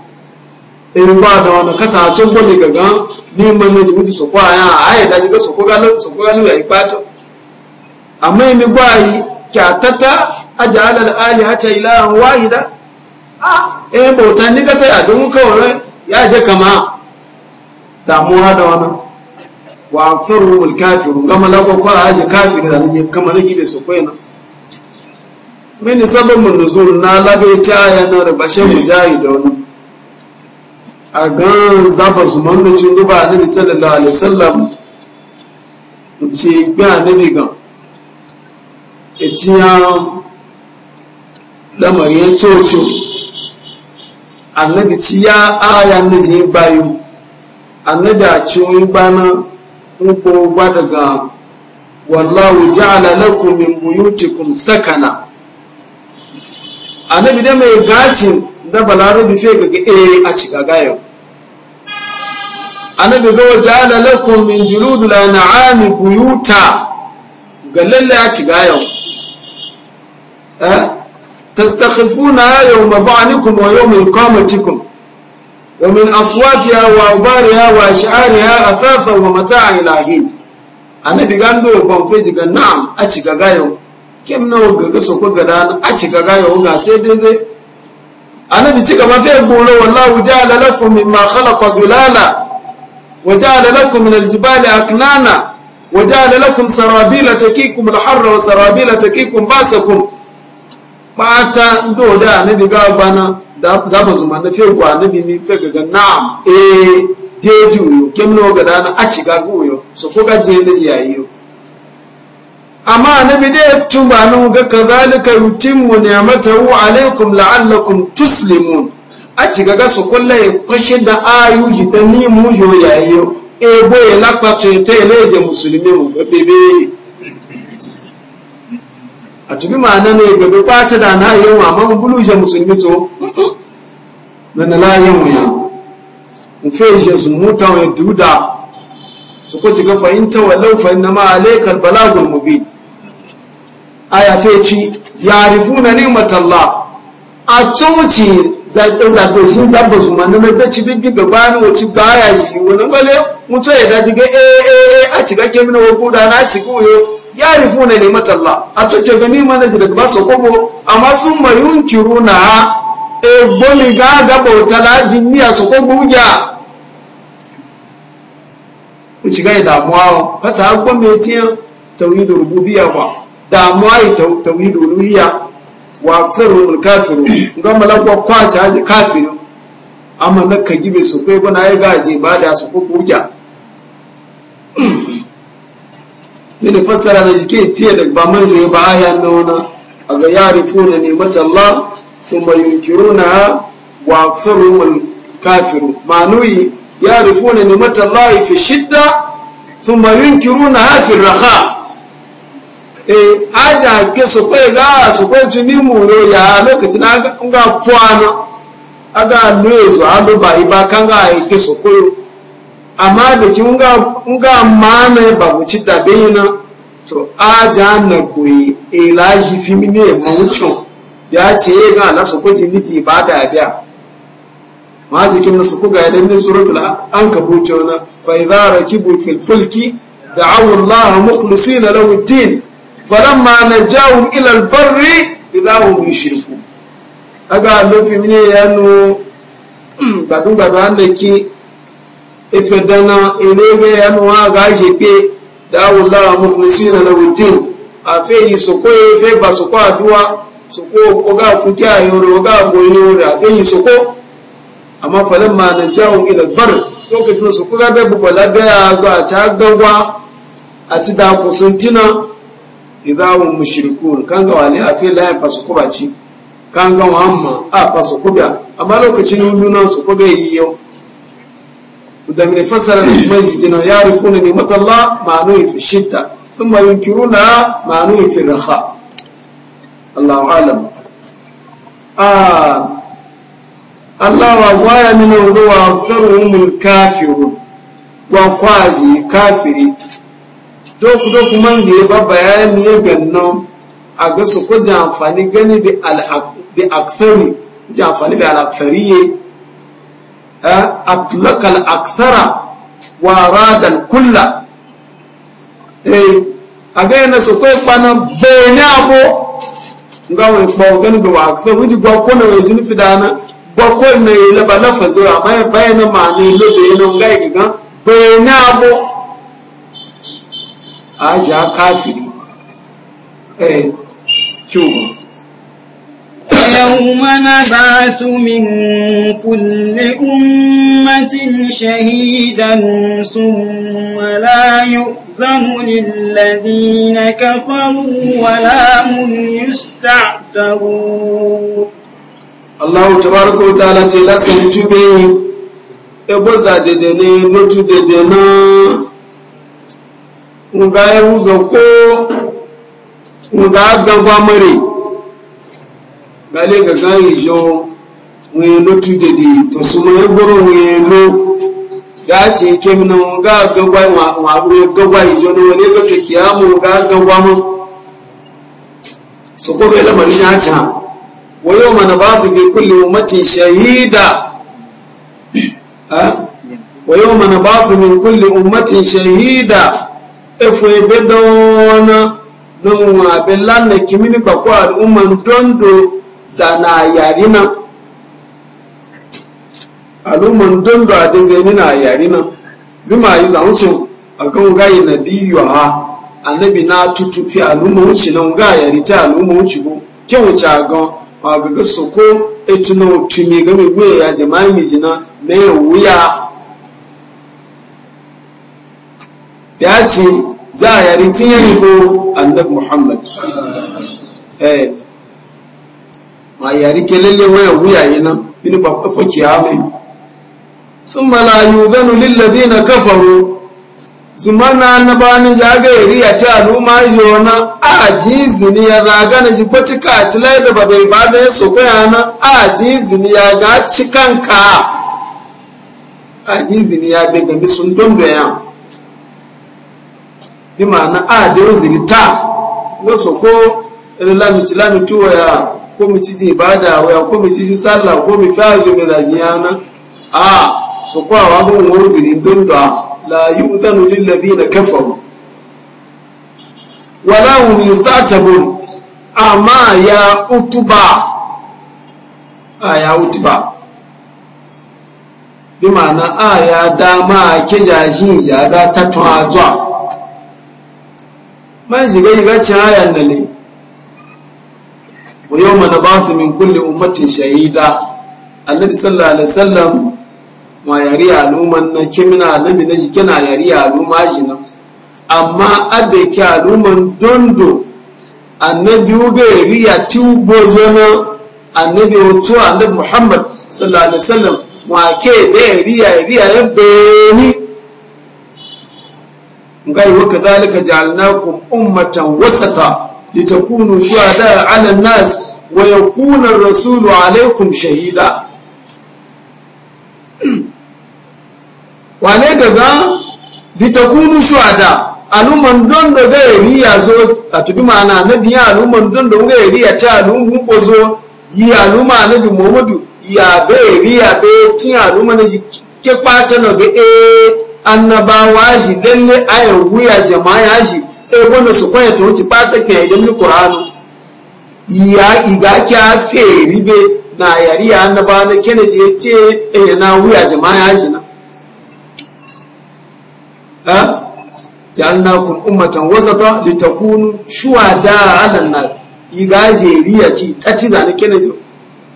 emi ba e, da wani kasa a cikin gwani gagan neman na jimuti su kwa ya a yi e daji ga su ko galo su ko galo ya yi pato amma emi gwayi kyatata ajiyar al'ali hata ilahan wahida a eh bautan ni kasai a don kawai ya je kama damuwa da wani wa aksaru wal gama la ko kwara aje kafiri da ne kama nake da su koyana min sababun nuzul na labe ta ya da bashe jayi da wani a gan zaba su mamnacin duba annabi sallallahu alaihi wasallam ce gbe nabi gan etiyan lamarin cocin annabi ci ya aya na bayu annabi a wani bana in ko ba daga wallahu ja'ala lakum min buyutikum sakana annabi da mai gaci da da fe ga eh a shiga gayo annabi ga ja'ala lakum min juludul an'ami buyuta ga lalle a shiga yau eh tastakhifuna yawma ba'nikum wa yawma iqamatikum ومن أصوافها وأوبارها وأشعارها أثاثا ومتاعا إلى حين annabi gando ya kwamfe diga na'am a cika gayo kem na ga ga sokwa ga dana a cika gayo ga sai daidai annabi cika ma fe goro wallahu ja'ala lakum mimma khalaqa dhilala wa ja'ala lakum min al-jibali aknana wa ja'ala lakum sarabila takikum al-harra wa sarabila bana za ba zuma na fiye gwa na mimi fiye gaga na'am eh deju yo kemno ga dana a ci gagu yo so ko gaje na ziyayi yo amma annabi dai tuba nan ga kazalika yutimmu ni'matahu alaikum la'allakum tuslimun a ci gaga so kullai kwashe da ayuji da ni mu yo yayi yo e boye lakpa so te leje musulmi mu bebe a tuni ma'ana ne gabe ɓata da na yin wa mamu bulushe musulmi to na na la yin wuya mu fe shi su muta wa duda su ko ciga fahimta wa laufa na ma alaikar balagul a ya fe ci yarifuna ni'matalla a coci, zato shi zaɓe su mana mai bacci bibbi wa wacce baya shi wani gale mutu ya daji ga eh, eh eh a cika kemina wa kuda na cika wuyo yarifuna ni'mat Allah a tsoke gani mana shi daga basu kobo amma sun mai yunkiruna e gomi ga ga bauta la jinniya su kobo uja ku shiga damuwa ba ta gomi tiyan tauhid rububiyya ba damuwa yi tauhid uluhiyya wa mini fassara na jike tiye da ba man zo ba aya na wana a ga yarifuna ne mata Allah thumma yunkiruna wa aktharuhum kafiru manuyi yarifuna ne mata Allah fi shidda yunkiru yunkiruna fi raha eh aja ke su kai ga su kai tuni muro ya lokacin ga ga puana aga lozo alu ba iba kanga ke su koyo amma da ki nga mana ba ku ci tabe na to a ja na koyi ilaji e fi mi ne wucin. ya ce ya eh, ga na su kuji niki ba da biya ma zikin na su kuga idan min suratul an buce na fa idza rakibu fil fulki da'u Allah mukhlisin lahu ad-din falamma najaw ila al barr idza hum yushriku aga lofi mi ya no gbadun gbadun an da ki ife dana inege yanu wa gaje pe dawo la mukhlisina lahu din afe yi soko ife ba soko aduwa soko oga ku kya yoro oga bo yoro afe yi soko amma falan ma na jawo ila bar lokacin soko ga be bu bala be aso a ta gangwa a ti da ku sun tina idawun mushrikun kan ga wani afe la fa soko ba ci kan ga a fa soko ba amma lokacin yulu nan soko ga yi yau da mai fassara da kuma jijina ya rufu ne matallah ma'anu fi shidda sun ma yunkiru na ma'anu fi raha Allahu alam Allah wa gwaya min ruwa farhumul kafirun wa kwazi kafiri doku doku man zai ba bayani ya ganno a ga su ko jamfani gani bi al bi aksari jamfani bi al أطلق الأكثر وأراد الكل e again so ko pana benya bo ngawe ba gani ba aksa wuji gwa ko na wajin fidana gwa na ile ba na fazo amma ya bayana ma ne le be no ngai ga benya bo aja kafiri eh chuba يوم نبعث من كل أمة شهيدا ثم لا يؤذن للذين كفروا ولا هم يستعتبون الله تبارك وتعالى تلا سنتبه eboza ددني lotu dedena nga ewuzo ko nga gale gaga ijo wen lotu dede to sumo ye gboro wen lo ya ce ke mina ga gagwa wa we gagwa ijo no ne ga ke kiyamu ga gagwa mu so ko bela mari ya ta wa yawma nabasu bi kulle ummatin shahida ha mana yawma nabasu min kulli ummatin shahida efo ebe dona don wa bela na kimini bakwa al'umman dondo zana yari nan alumun don da zai na yari nan zima yi zamucin a kan gayi na biyu ha annabi na tutufi alumun wuce nan ga yari ta alumun wuce ko kin wuce a gan ma gaga su ko etu na otu mai game gwe ya jama'a mai jina mai wuya da ya ce za a yari tun yayi ko annabi muhammad eh. ma yari ke lalle waya yi nan mini ba kafa kiyamai sun zanu yuzanu lillazi na kafaru zumana na bani zaga yari ya ta aluma yona a jizini ya zaga na jikwatika a tilai da babai ba da ya so kwaya na a jizini ya ga ka a jizini ya bai gami sun don da ya bi ma'ana a da yanzu ta wasu ko lami ci lami tuwa komi ko mi ci ibada wa ya ko ci sallah komi mi fazo mi da jiyana a su kwa wa mu muzuri dun da la yu'zanu lil ladina kafaru wala hum yastatabun amma ya utuba a ah, ya utuba bi ma'ana a ah, ya dama ke jaji ya ga tatwa zuwa man shiga shiga cin ayan nan ne wa yau mana ba su min kulle ummatin shahida annabi sallallahu alaihi wasallam ma yari aluman na kimina annabi na shi kina yari aluma shi nan amma abe ki aluman dondo annabi uga yari ya tubo zona annabi wato annabi muhammad sallallahu alaihi wasallam ma ke da yari ya yari ya beni ngai wa kadhalika ja'alnakum ummatan wasata litakunu shuhada ala nas wa yakuna ar-rasulu alaykum shahida wane daga litakunu shuhada aluman don da ga riya zo a tubi ma'ana nabi ya aluman don da ga riya ta alumun bozo yi aluma nabi muhammadu ya be riya be tin aluma na ji ke pata na ga eh annabawa shi lalle ayan ya jama'a shi e na su kwaya tuwuci ɓata ke idan ni ƙuranu ya iga kya fe ribe na yari ya na ba na kene je ce ya na wuya jama'a jina ha ja'alnakum ummatan wasata litakunu shuhada 'ala an-nas iga ya ci tatti zane kene je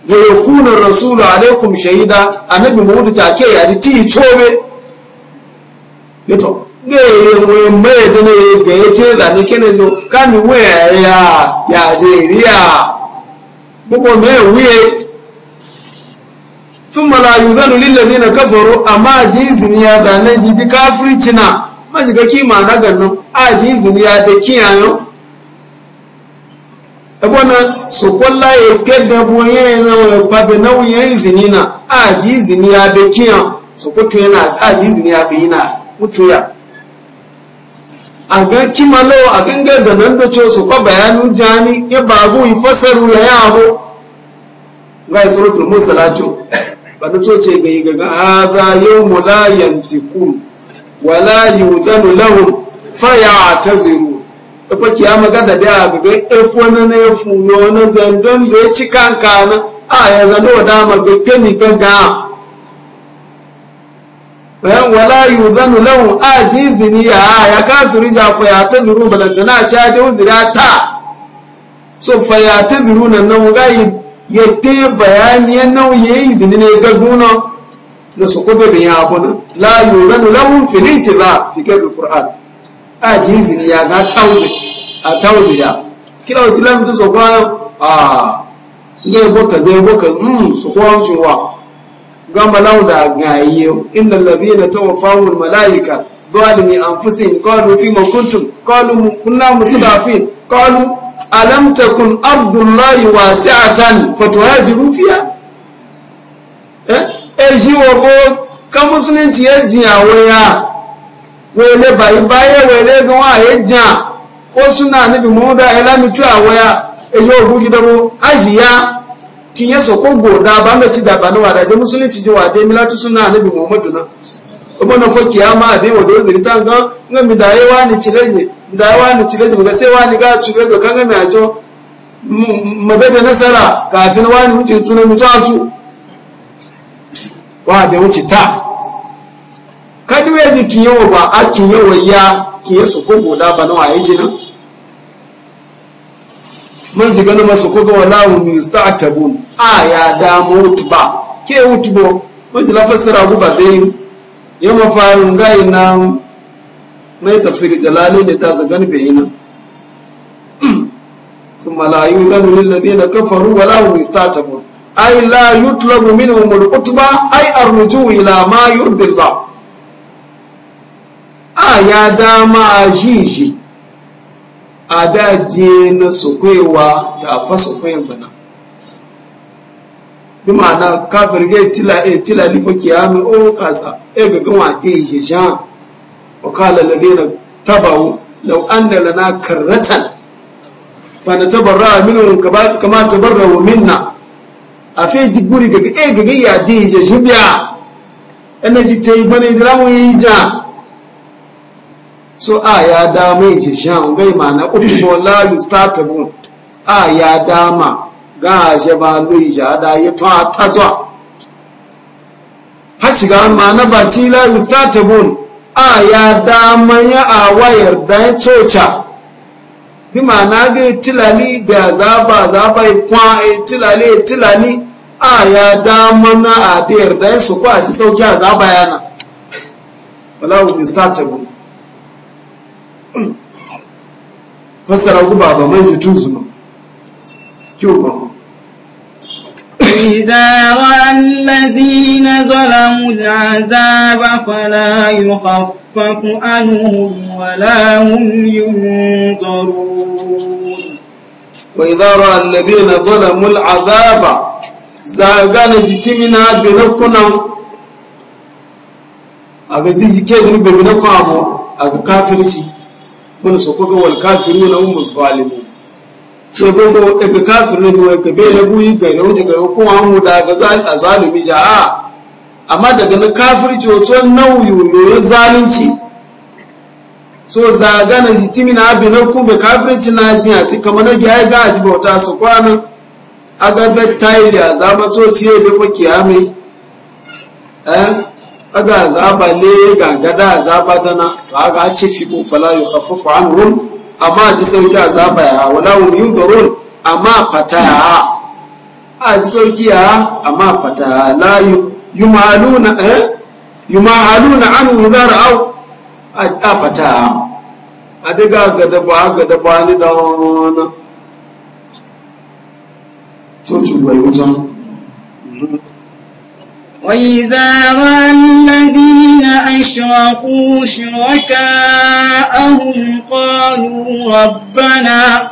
ya yakuna rasulu alaikum shahida annabi muhammadu ta ke yari ti chobe yato gbèrèwé mẹ́ẹ̀ẹ́dínlẹ̀ ẹgbẹ̀ ẹjẹ́ ìlànà kí nínú kámiwé ẹ̀yà yàrá ìríà gbogbo mẹ́ẹ̀wé túnmọ̀lá yùzánù lílẹ̀ nínú ya àmá àjí ìzìníyà dáná jíjí káfírí china májìká kí mà dágànà ya ìzìníyà dé kí àyàn ẹgbọ́nà sọ̀kọ́lá ẹ̀kẹ́gbẹ̀bù yẹn yẹn ìzìníyà àjí a ga kimalo a ganga da nan da co su kwa bayanin jani ya babu yi fasaru ya yabo ga suratul musalato ba da so ce ga ga. hadha yawmu la yantiqun wa la yuzanu lahum fa ya'taziru fa kiyama ga da ya ga efo na na efu yo na zandon da ya ci kanka na a ya zando da ma ga wala yuzanu lahu ajizini ya ya kafiri za fa ya tadru balantana cha da uzira ta so fa ya tadru nan nan ga ya te bayani nan ya izini ne ga guna da su ko bin ya abuna la yuzanu lahu fil itiba fi kadhil qur'an ajizini ya ga tawzi a tawzi ya kila wata lamu to so ko a yi ah, boka zai boka mm so ko gama lauda da gaye inna allazina tawaffahumul malaika zalimi anfusihim qalu ma kuntum qalu kunna mustafin qalu alam takun ardullahi wasi'atan fatuhajiru fiha eh eji wo ko kan musulunci ya jiyawo wele bayi baye wele bi wa ya jiya ko suna nabi muhammadu alamitu tu waya eyo ogun gidabo ajiya kin ya soko gorda ba na ci da ba na da musulunci ji wa dai milatu sunna annabi muhammadu na kuma na fo kiyama be wa do ta ga nga mi dai wa ni cileje mi dai wa ni cileje ga sai wa ni ga cire do kan ga mi ajo da nasara kafin wa ni mutu tuna mutu atu wa da wuce ta kadu ya ji kiyo ba a kiyo ya kiyo ko goda ba na wa yi man su gani masu koko wa lahumin sta'atabu a ya damu wutu ba ke wutu ba man su lafa sara ba zai ya mafarin gayi na mai tafsiri jalali da ta su gani bai yi nan sun malayu zan zanu lillazi na kafaru wa lahumin sta'atabu ai la yutlabu minhum al-qutba ba ai a arruju ila ma ba. a ya dama a jinjin a daje na sokwewa jafa sokwen bana bi ma'ana kafir ga tila e tila lifa kiyami o kasa e ga gama ke shi jan wa kala lagina tabawu law anna lana karratan fa na tabarra minu kama tabarrawu minna a fe jiburi ga e ga ya de shi biya energy tai bane diramu yi ja so a ah, ya dama yi ce shan gai ma na utubo la startable a ah, ya dama ga je ba lui ja da yi tun a zo ha shiga ma na ba ci la yustatabu a ah, ya dama ya a wayar da coca bi ma na ga tilali da zaba zaba kwa tilali tilali a ya dama na a da yarda su kwa ci sauki a zaba yana wala startable. fassara ku baba man ji tun zuma kyau ba إذا رأى الذين ظلموا العذاب فلا يخفف عنهم ولا هم ينظرون وإذا رأى الذين ظلموا العذاب زاغان جتمنا بنكنا أغزي جكيزن بنكنا أغا كافرشي mun su kuga wal kafiru na umul zalimu ce gogo daga kafiru ne wai ka bele buyi ga na wuce ga ko an huda ga a zalimi ja a amma daga na kafirci wato nauyi ne zalunci so za a na jitimi na abin na kuma kafirci na ji a ci kamar na gaya ga ji bauta su kwanan agabe tayi zama tsoci ya bi fa kiyamai eh aga zaba ne ga gada zaba dana to aga ce fi ko fala yu khaffafu anhum amma ji sauki a zaba ya wala hum yunzarun amma fata a ji sauki ya amma fata la yumaluna eh yumaluna an wudar au a fata a daga gada ba gada ba ni da wannan to ci bai wuta وإذا رأى الذين أشركوا شركاءهم قالوا ربنا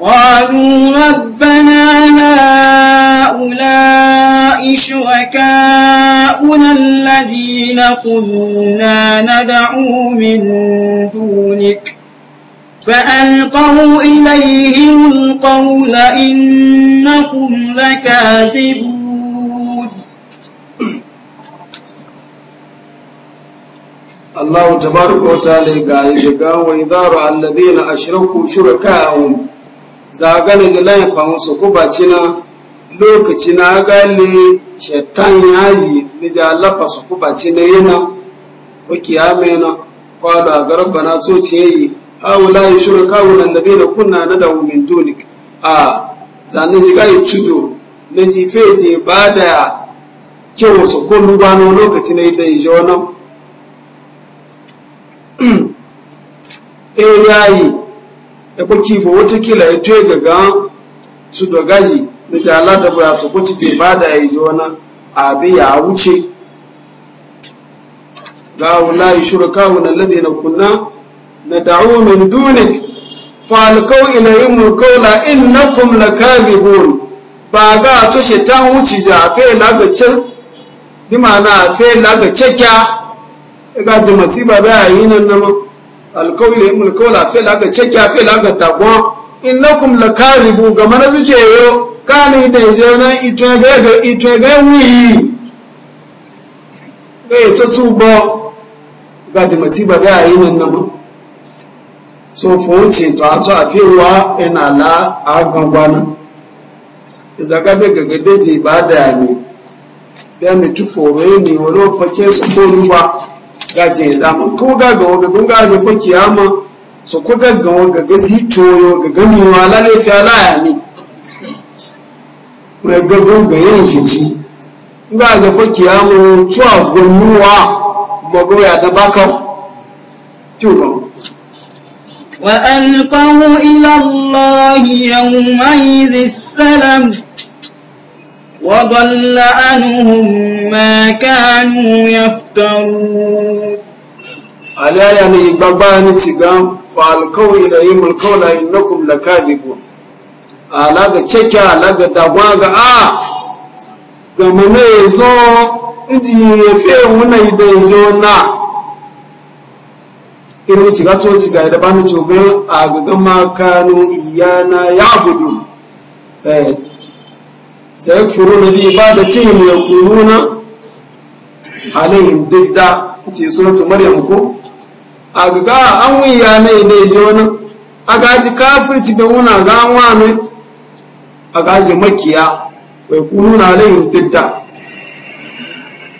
قالوا ربنا هؤلاء شركاؤنا الذين قلنا ندعو من دونك فألقوا إليهم القول إنكم لكاذبون Allah tabaraka wa ta'ala ga yi ga wa idaru alladhina ashraku shuraka'ahum zagane jilan fa musu ko bacina lokaci na gane shaitan yaji ni ja lafa su ku bacina yana ko kiyame na kwada garba na so ce yi haula yi shuraka'u alladhina kunna nadawu min dunik a zane ji ga yi tudo ne ji feje bada kyau su ko lugano lokaci na yi da yi yayi e ko ba wata kila ya tuye gaga su da gaji da shi Allah da ba su kuci ke bada yi a abi ya wuce ga wallahi shurakahu alladhina kunna nad'u min dunik fa alqaw ilayhim qawla innakum lakathibun ba ga to shi ta wuce ja fe ce bi ma'ana fe ce kya ga da masiba ba yi nan nan alkawili himul kawla fe ga cekya fe ga tagwa innakum lakaribu ga mana zuce yo kani da je na itwege ga itwege wi ga to tsubo ga da masiba da yi nan nan so fonci to a so afiwa ina la agangwana izagabe gagadeji ibada ya mi ya mi tufo ni wani fake su ko ruwa gaje lamun ko ga ga wanda mun ga gaje fa kiyama so ko ga ga wanda ga si toyo ga gani wa la le fa la ya ni ne ga gun ga yin shi ci ga gaje fa kiyama tuwa gunnuwa go ya da baka tuwa ila allah yawma يومئذ salam وضل عنهم ما كانوا يفترون على يعني بابان تيغام فالقوا إليهم الكولا إنكم لكاذبون على تشكى على دواغا آه gamane zo ndi yefe muna ibe zo na irin ciga to ciga da ba mu cogan a gagan makano iyana ya gudu eh na sayakfuruna bi ibadatihim yaquluna alaihim didda ce suratu maryam ko a ga an na ne ji wani a gaji kafirci da muna gawa ne a gaji makiya na kununa alaihim didda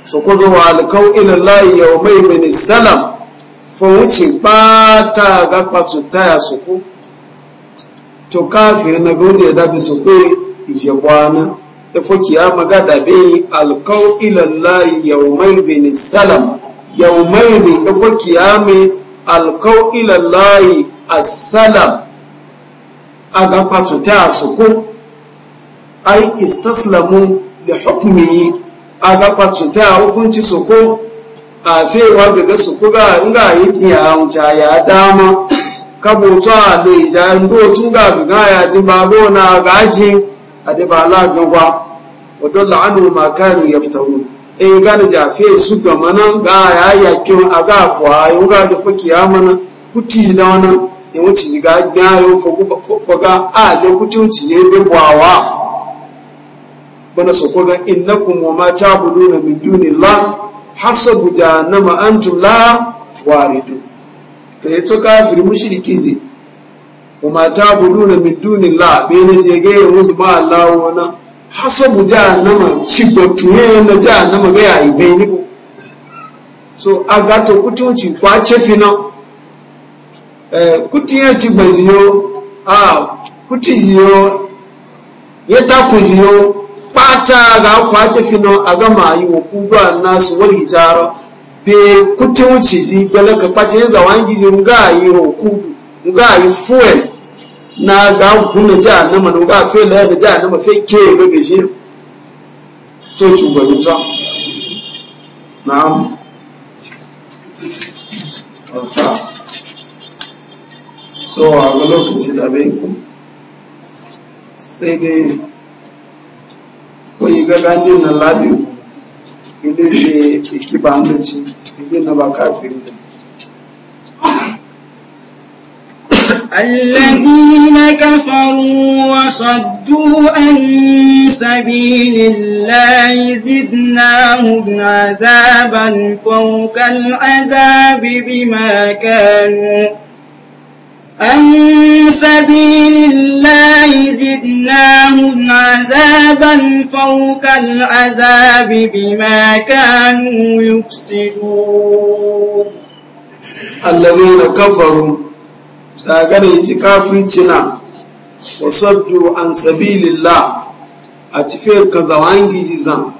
su ko wa walkau ila yau mai bin salam fa wuce bata ga kwasu taya su ko to kafir na goje ya bi su ko ije bwana ifo kiyama ga da be alqaw ila allah bin salam yawmaydhin ifo kiyame alqaw ila allah assalam aga ta suku ai istaslamu li hukmihi aga ta hukunci suku a fewa daga suku ga nga yi kiyamuca ya dama kabo a le ja ndo tun ga ga ya ji babo na gaji adeba ala gangwa wato la'anu ma kanu yaftaru e gane jafe su ga manan ga ya ya kin aga kwa yo ga da faki ya mana kuti da wannan e wuci ga ga yo fo ga a le kuti wuci ne be bwawa bana so ga innakum wa ma ta'buduna min dunillah hasabu jahannama antum la waridu to yato kafiri mushriki zai kuma ta budu na miduni la bene je ga musu ba Allah wana hasabu jahannama shibatuye na jahannama ga ya ibeni ko so agato kutunci kwa chefina eh kutiye chibajiyo ah kutijiyo yetakujiyo pata ga kwa chefina agama yiwo kudwa nasu wal hijara be kutunci ji galaka pace zawangi ji ngayi okudu ngayi fuel na ga kuna jahannama na ga fe la ga jahannama fe ke ga ga shi to ci gobe na na'am alfa so a ga lokaci da bai ku sai dai ko yi ga gandun na labiyu ile ne ikiba hannaci ile na ba kafiri الذين كفروا وصدوا عن سبيل الله زدناهم عذابا فوق العذاب بما كانوا عن سبيل الله زدناهم عذابا فوق العذاب بما كانوا يفسدون الذين كفروا sagara ji kafirci na saddu an sabilillah a cikin ka zawangi zan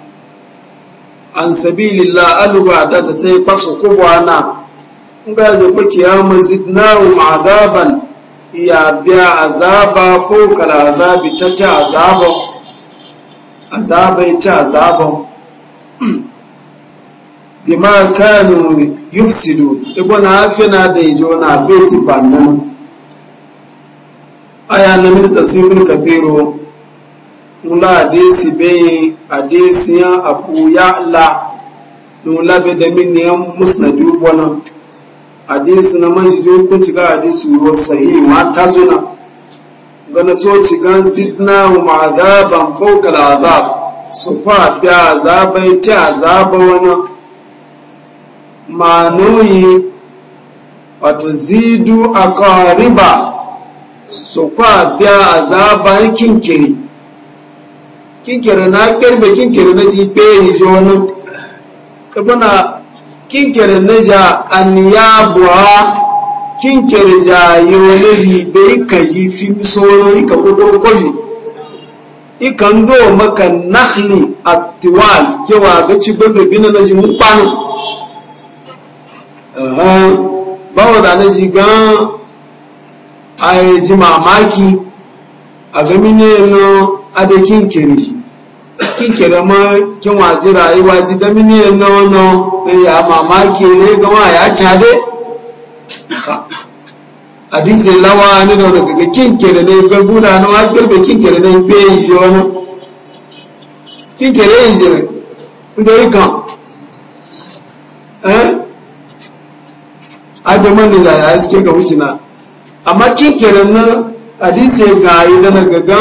an sabilillah aluba da za ta yi na. kubwana nga za fa kiyama zidnahum azaban iya biya azaba fokar azabi ta ta azaba Azabai ta azaba bima kanu yufsidu ibo na afi na da ijo na afi ti bannan aya na min tafsirul kathiru mula adesi be adesi ya abu ya la nula be da min ya musnadu bona adesi na manji jo kun ci ga adesi wo sahi ma ta zuna gana so ci gan sidna ma azaban fawqa al azab so fa bi azabai ta azaba wana manuyi wato zidu a ƙariba su kwa biya a kinkiri kinkiri na ƙarfe kinkiri na ji peyi shonin ƙarfuna kinkiri na ja ya buwa kinkiri ja yi wani jipe bai ka yi fi soro ika ƙoƙon kwazi ikan do maka nakhli a tiwal kewa ga ci gbogbo na ji mun kwanin bawa da na shi gan a ji mamaki a gami ne no ade kinkiri shi kinkiri ma kin waji rayuwa ji da mini no no e ya mamaki ne gama ya cade hadisi lawa ni da wani ga kinkiri ne ga guna na wakil ba kinkiri ne be yi shi wani kinkiri yi shi ne yi kan eh? adaman ne za a suke ga wucina amma kin kenan na hadisi ga yi da na gaga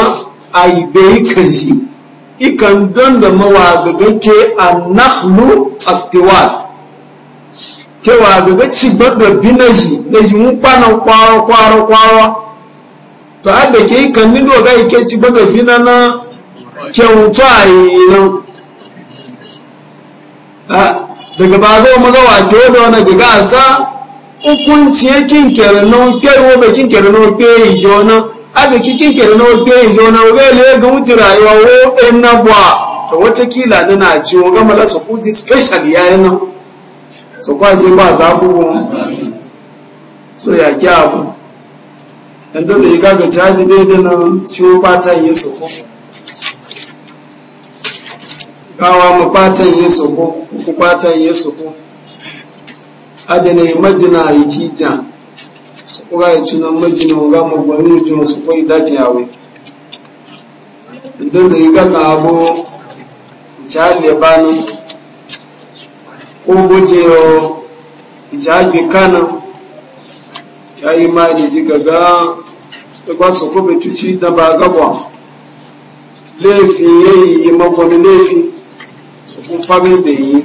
a yi bai kan shi ikan don da mawa gaga ke a nahlu aktiwa kewa gaga ci gbogbo bi na shi na shi mun kwana kwaro kwaro kwaro to abe ke ikan nilo ga ike ci gbogbo bi na na kyautu a yi nan daga bago magawa ke wadda wani gaga a sa hukunci ya kinkere na oke wobe kinkere na oke ijo na ki kinkere na oke ijo na oge ile ga wuce rayuwa wo na bua to watakila na na ji oga gama su kuti special ya yi nan so kwa je ba za ku so ya ki abu dan da ya gaga caji daidai nan ciwo fatan yi soko. ko gawa mu fatan yi soko, ko ku fatan yi su ko adana ya majina ya cija su kuka ya ci majina ga magwani ji masu kwai daji yawe don da yi gaka abu jihar lebanon ko guje jihar kana ya yi ma da ji gaga da ba su kuma tuci da ba gaba laifin magwani laifin su da yi